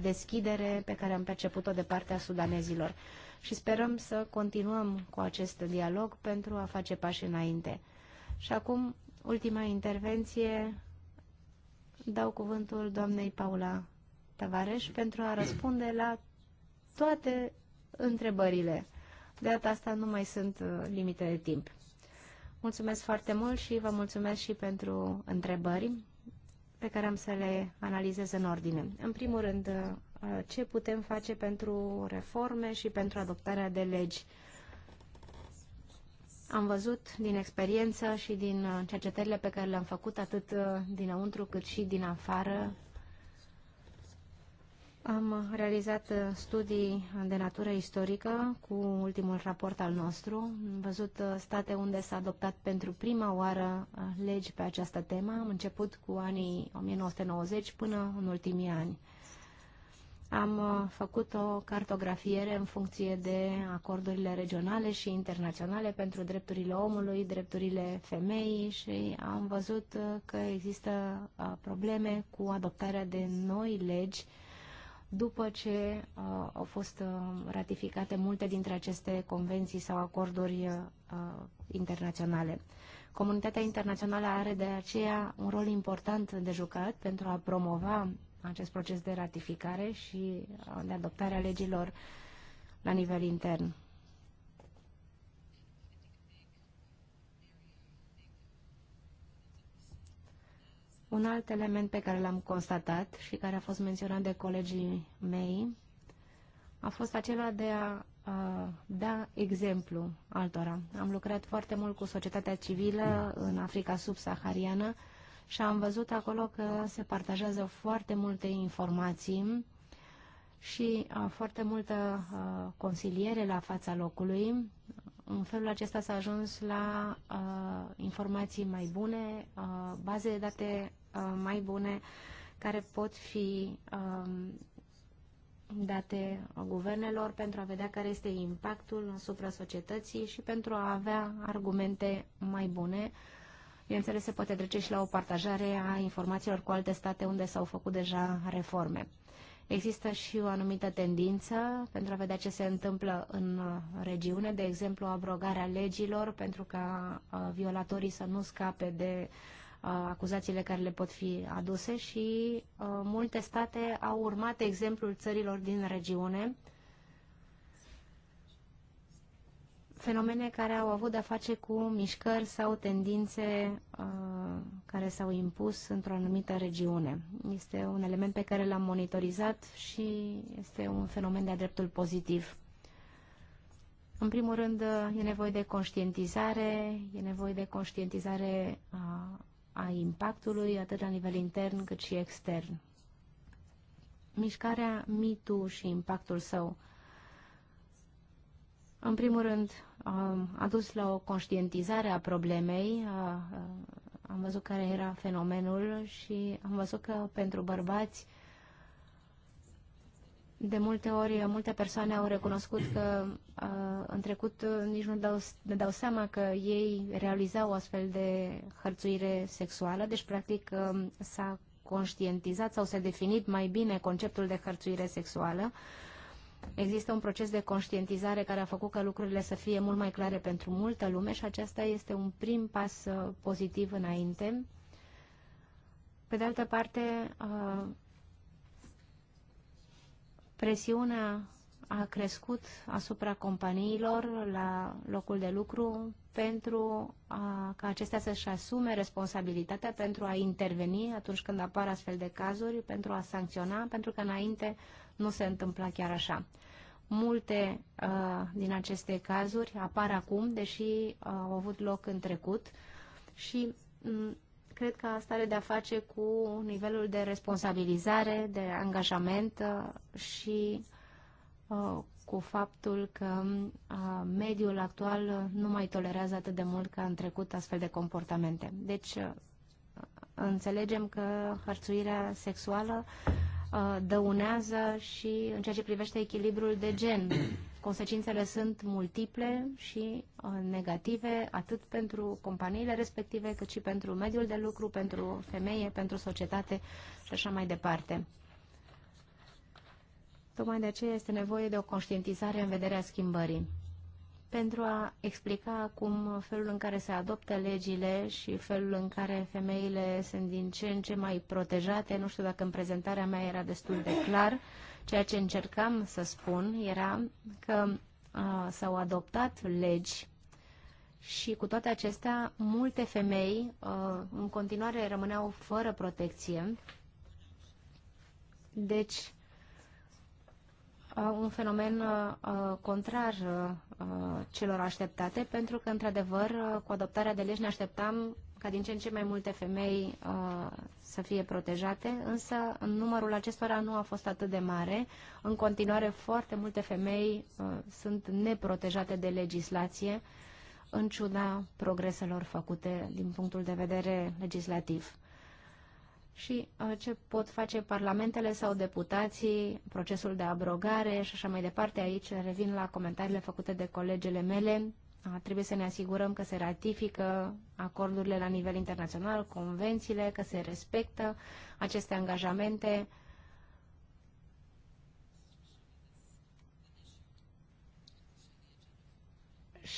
deschidere pe care am perceput-o de partea sudanezilor și sperăm să continuăm cu acest dialog pentru a face pași înainte. Și acum, ultima intervenție, dau cuvântul doamnei Paula Tavares pentru a răspunde la toate întrebările. De data asta nu mai sunt uh, limite de timp. Mulțumesc foarte mult și vă mulțumesc și pentru întrebări pe care am să le analizez în ordine. În primul rând, uh, ce putem face pentru reforme și pentru adoptarea de legi. Am văzut din experiență și din uh, cercetările pe care le-am făcut atât dinăuntru cât și din afară am realizat uh, studii de natură istorică cu ultimul raport al nostru. Am văzut uh, state unde s-a adoptat pentru prima oară uh, legi pe această temă. Am început cu anii 1990 până în ultimii ani. Am făcut o cartografiere în funcție de acordurile regionale și internaționale pentru drepturile omului, drepturile femeii și am văzut că există probleme cu adoptarea de noi legi după ce uh, au fost uh, ratificate multe dintre aceste convenții sau acorduri uh, uh, internaționale. Comunitatea internațională are de aceea un rol important de jucat pentru a promova acest proces de ratificare și uh, de adoptare a legilor la nivel intern. Un alt element pe care l-am constatat și care a fost menționat de colegii mei a fost acela de a, a da exemplu altora. Am lucrat foarte mult cu societatea civilă în Africa subsahariană și am văzut acolo că se partajează foarte multe informații și a, foarte multă a, consiliere la fața locului. În felul acesta s-a ajuns la a, informații mai bune, a, baze de date Uh, mai bune care pot fi um, date guvernelor pentru a vedea care este impactul asupra societății și pentru a avea argumente mai bune. Bineînțeles, se poate trece și la o partajare a informațiilor cu alte state unde s-au făcut deja reforme. Există și o anumită tendință pentru a vedea ce se întâmplă în uh, regiune, de exemplu abrogarea legilor pentru ca uh, violatorii să nu scape de uh, acuzațiile care le pot fi aduse și multe state au urmat exemplul țărilor din regiune, fenomene care au avut de-a face cu mișcări sau tendințe uh, care s-au impus într-o anumită regiune. Este un element pe care l-am monitorizat și este un fenomen de-a dreptul pozitiv. În primul rând, e nevoie de conștientizare, e nevoie de conștientizare a impactului, atât la nivel intern cât și extern. Mișcarea MeToo și impactul său în primul rând, um, a dus la o conștientizare a problemei, am văzut care era fenomenul și am văzut că pentru bărbați de multe ori, multe persoane au recunoscut că în trecut nici nu dau, ne dau seama că ei realizau astfel de hărțuire sexuală, deci practic s-a conștientizat sau s-a definit mai bine conceptul de hărțuire sexuală. Există un proces de conștientizare care a făcut ca lucrurile să fie mult mai clare pentru multă lume și acesta este un prim pas pozitiv înainte. Pe de altă parte, Presiunea a crescut asupra companiilor la locul de lucru pentru a, ca acestea să-și asume responsabilitatea pentru a interveni atunci când apar astfel de cazuri, pentru a sancționa, pentru că înainte nu se întâmpla chiar așa. Multe uh, din aceste cazuri apar acum, deși uh, au avut loc în trecut și Cred că asta are de-a face cu nivelul de responsabilizare, de angajament uh, și uh, cu faptul că uh, mediul actual nu mai tolerează atât de mult ca în trecut astfel de comportamente. Deci înțelegem că hărțuirea sexuală dăunează și în ceea ce privește echilibrul de gen Consecințele sunt multiple și uh, negative atât pentru companiile respective, cât și pentru mediul de lucru, pentru femeie, pentru societate și așa mai departe. Tocmai de aceea este nevoie de o conștientizare în vederea schimbării pentru a explica cum felul în care se adoptă legile și felul în care femeile sunt din ce în ce mai protejate. Nu știu dacă în prezentarea mea era destul de clar. Ceea ce încercam să spun era că uh, s-au adoptat legi și cu toate acestea, multe femei uh, în continuare rămâneau fără protecție. Deci, uh, un fenomen contrar celor așteptate, pentru că, într-adevăr, cu adoptarea de legi ne așteptam ca din ce în ce mai multe femei uh, să fie protejate, însă numărul acestora nu a fost atât de mare. În continuare, foarte multe femei uh, sunt neprotejate de legislație, în ciuda progreselor făcute din punctul de vedere legislativ. Și uh, ce pot face parlamentele sau deputații, procesul de abrogare și așa mai departe, aici revin la comentariile făcute de colegele mele, trebuie să ne asigurăm că se ratifică acordurile la nivel internațional, convențiile, că se respectă aceste angajamente.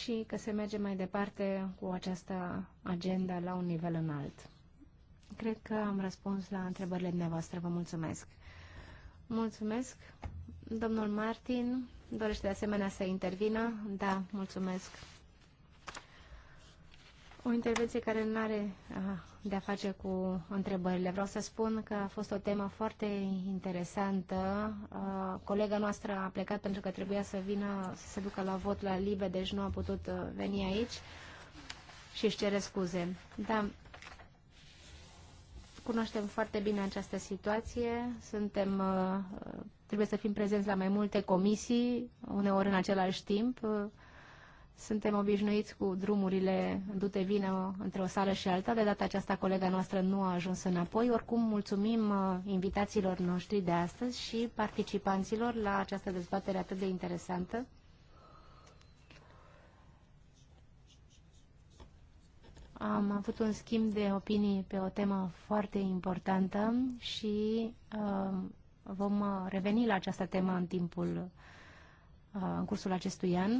și că se merge mai departe cu această agenda la un nivel înalt. Cred că am răspuns la întrebările dumneavoastră. Vă mulțumesc. Mulțumesc. Domnul Martin dorește de asemenea să intervină. Da, mulțumesc o intervenție care nu are de-a face cu întrebările. Vreau să spun că a fost o temă foarte interesantă. Colega noastră a plecat pentru că trebuia să vină să se ducă la vot la Libe, deci nu a putut veni aici și își cere scuze. Da, cunoaștem foarte bine această situație. Suntem, trebuie să fim prezenți la mai multe comisii, uneori în același timp. Suntem obișnuiți cu drumurile dute vină între o sală și alta. De data aceasta, colega noastră nu a ajuns înapoi. Oricum, mulțumim uh, invitațiilor noștri de astăzi și participanților la această dezbatere atât de interesantă. Am avut un schimb de opinii pe o temă foarte importantă și uh, vom uh, reveni la această temă în timpul, uh, în cursul acestui an.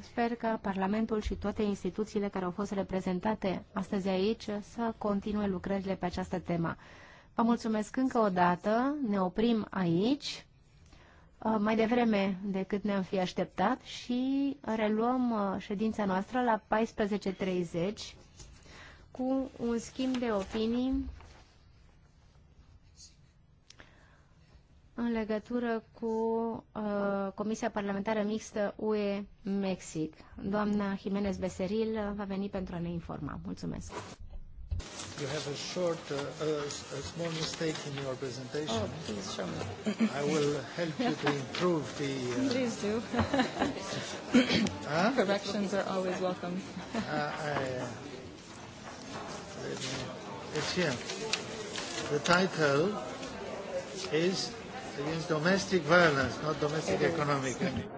Sper că Parlamentul și toate instituțiile care au fost reprezentate astăzi aici să continue lucrările pe această temă. Vă mulțumesc încă o dată, ne oprim aici, uh, mai devreme decât ne-am fi așteptat și reluăm uh, ședința noastră la 14.30 cu un schimb de opinii în legătură cu uh, Comisia Parlamentară Mixtă UE-Mexic. Doamna Jimenez Beseril va veni pentru a ne informa. Mulțumesc. You have a short, uh, a, a small mistake in your presentation. Oh, please show me. I will help you to improve the... Uh, please do. huh? Corrections are always welcome. uh, I, uh, it's here. The title is against domestic violence, not domestic economic.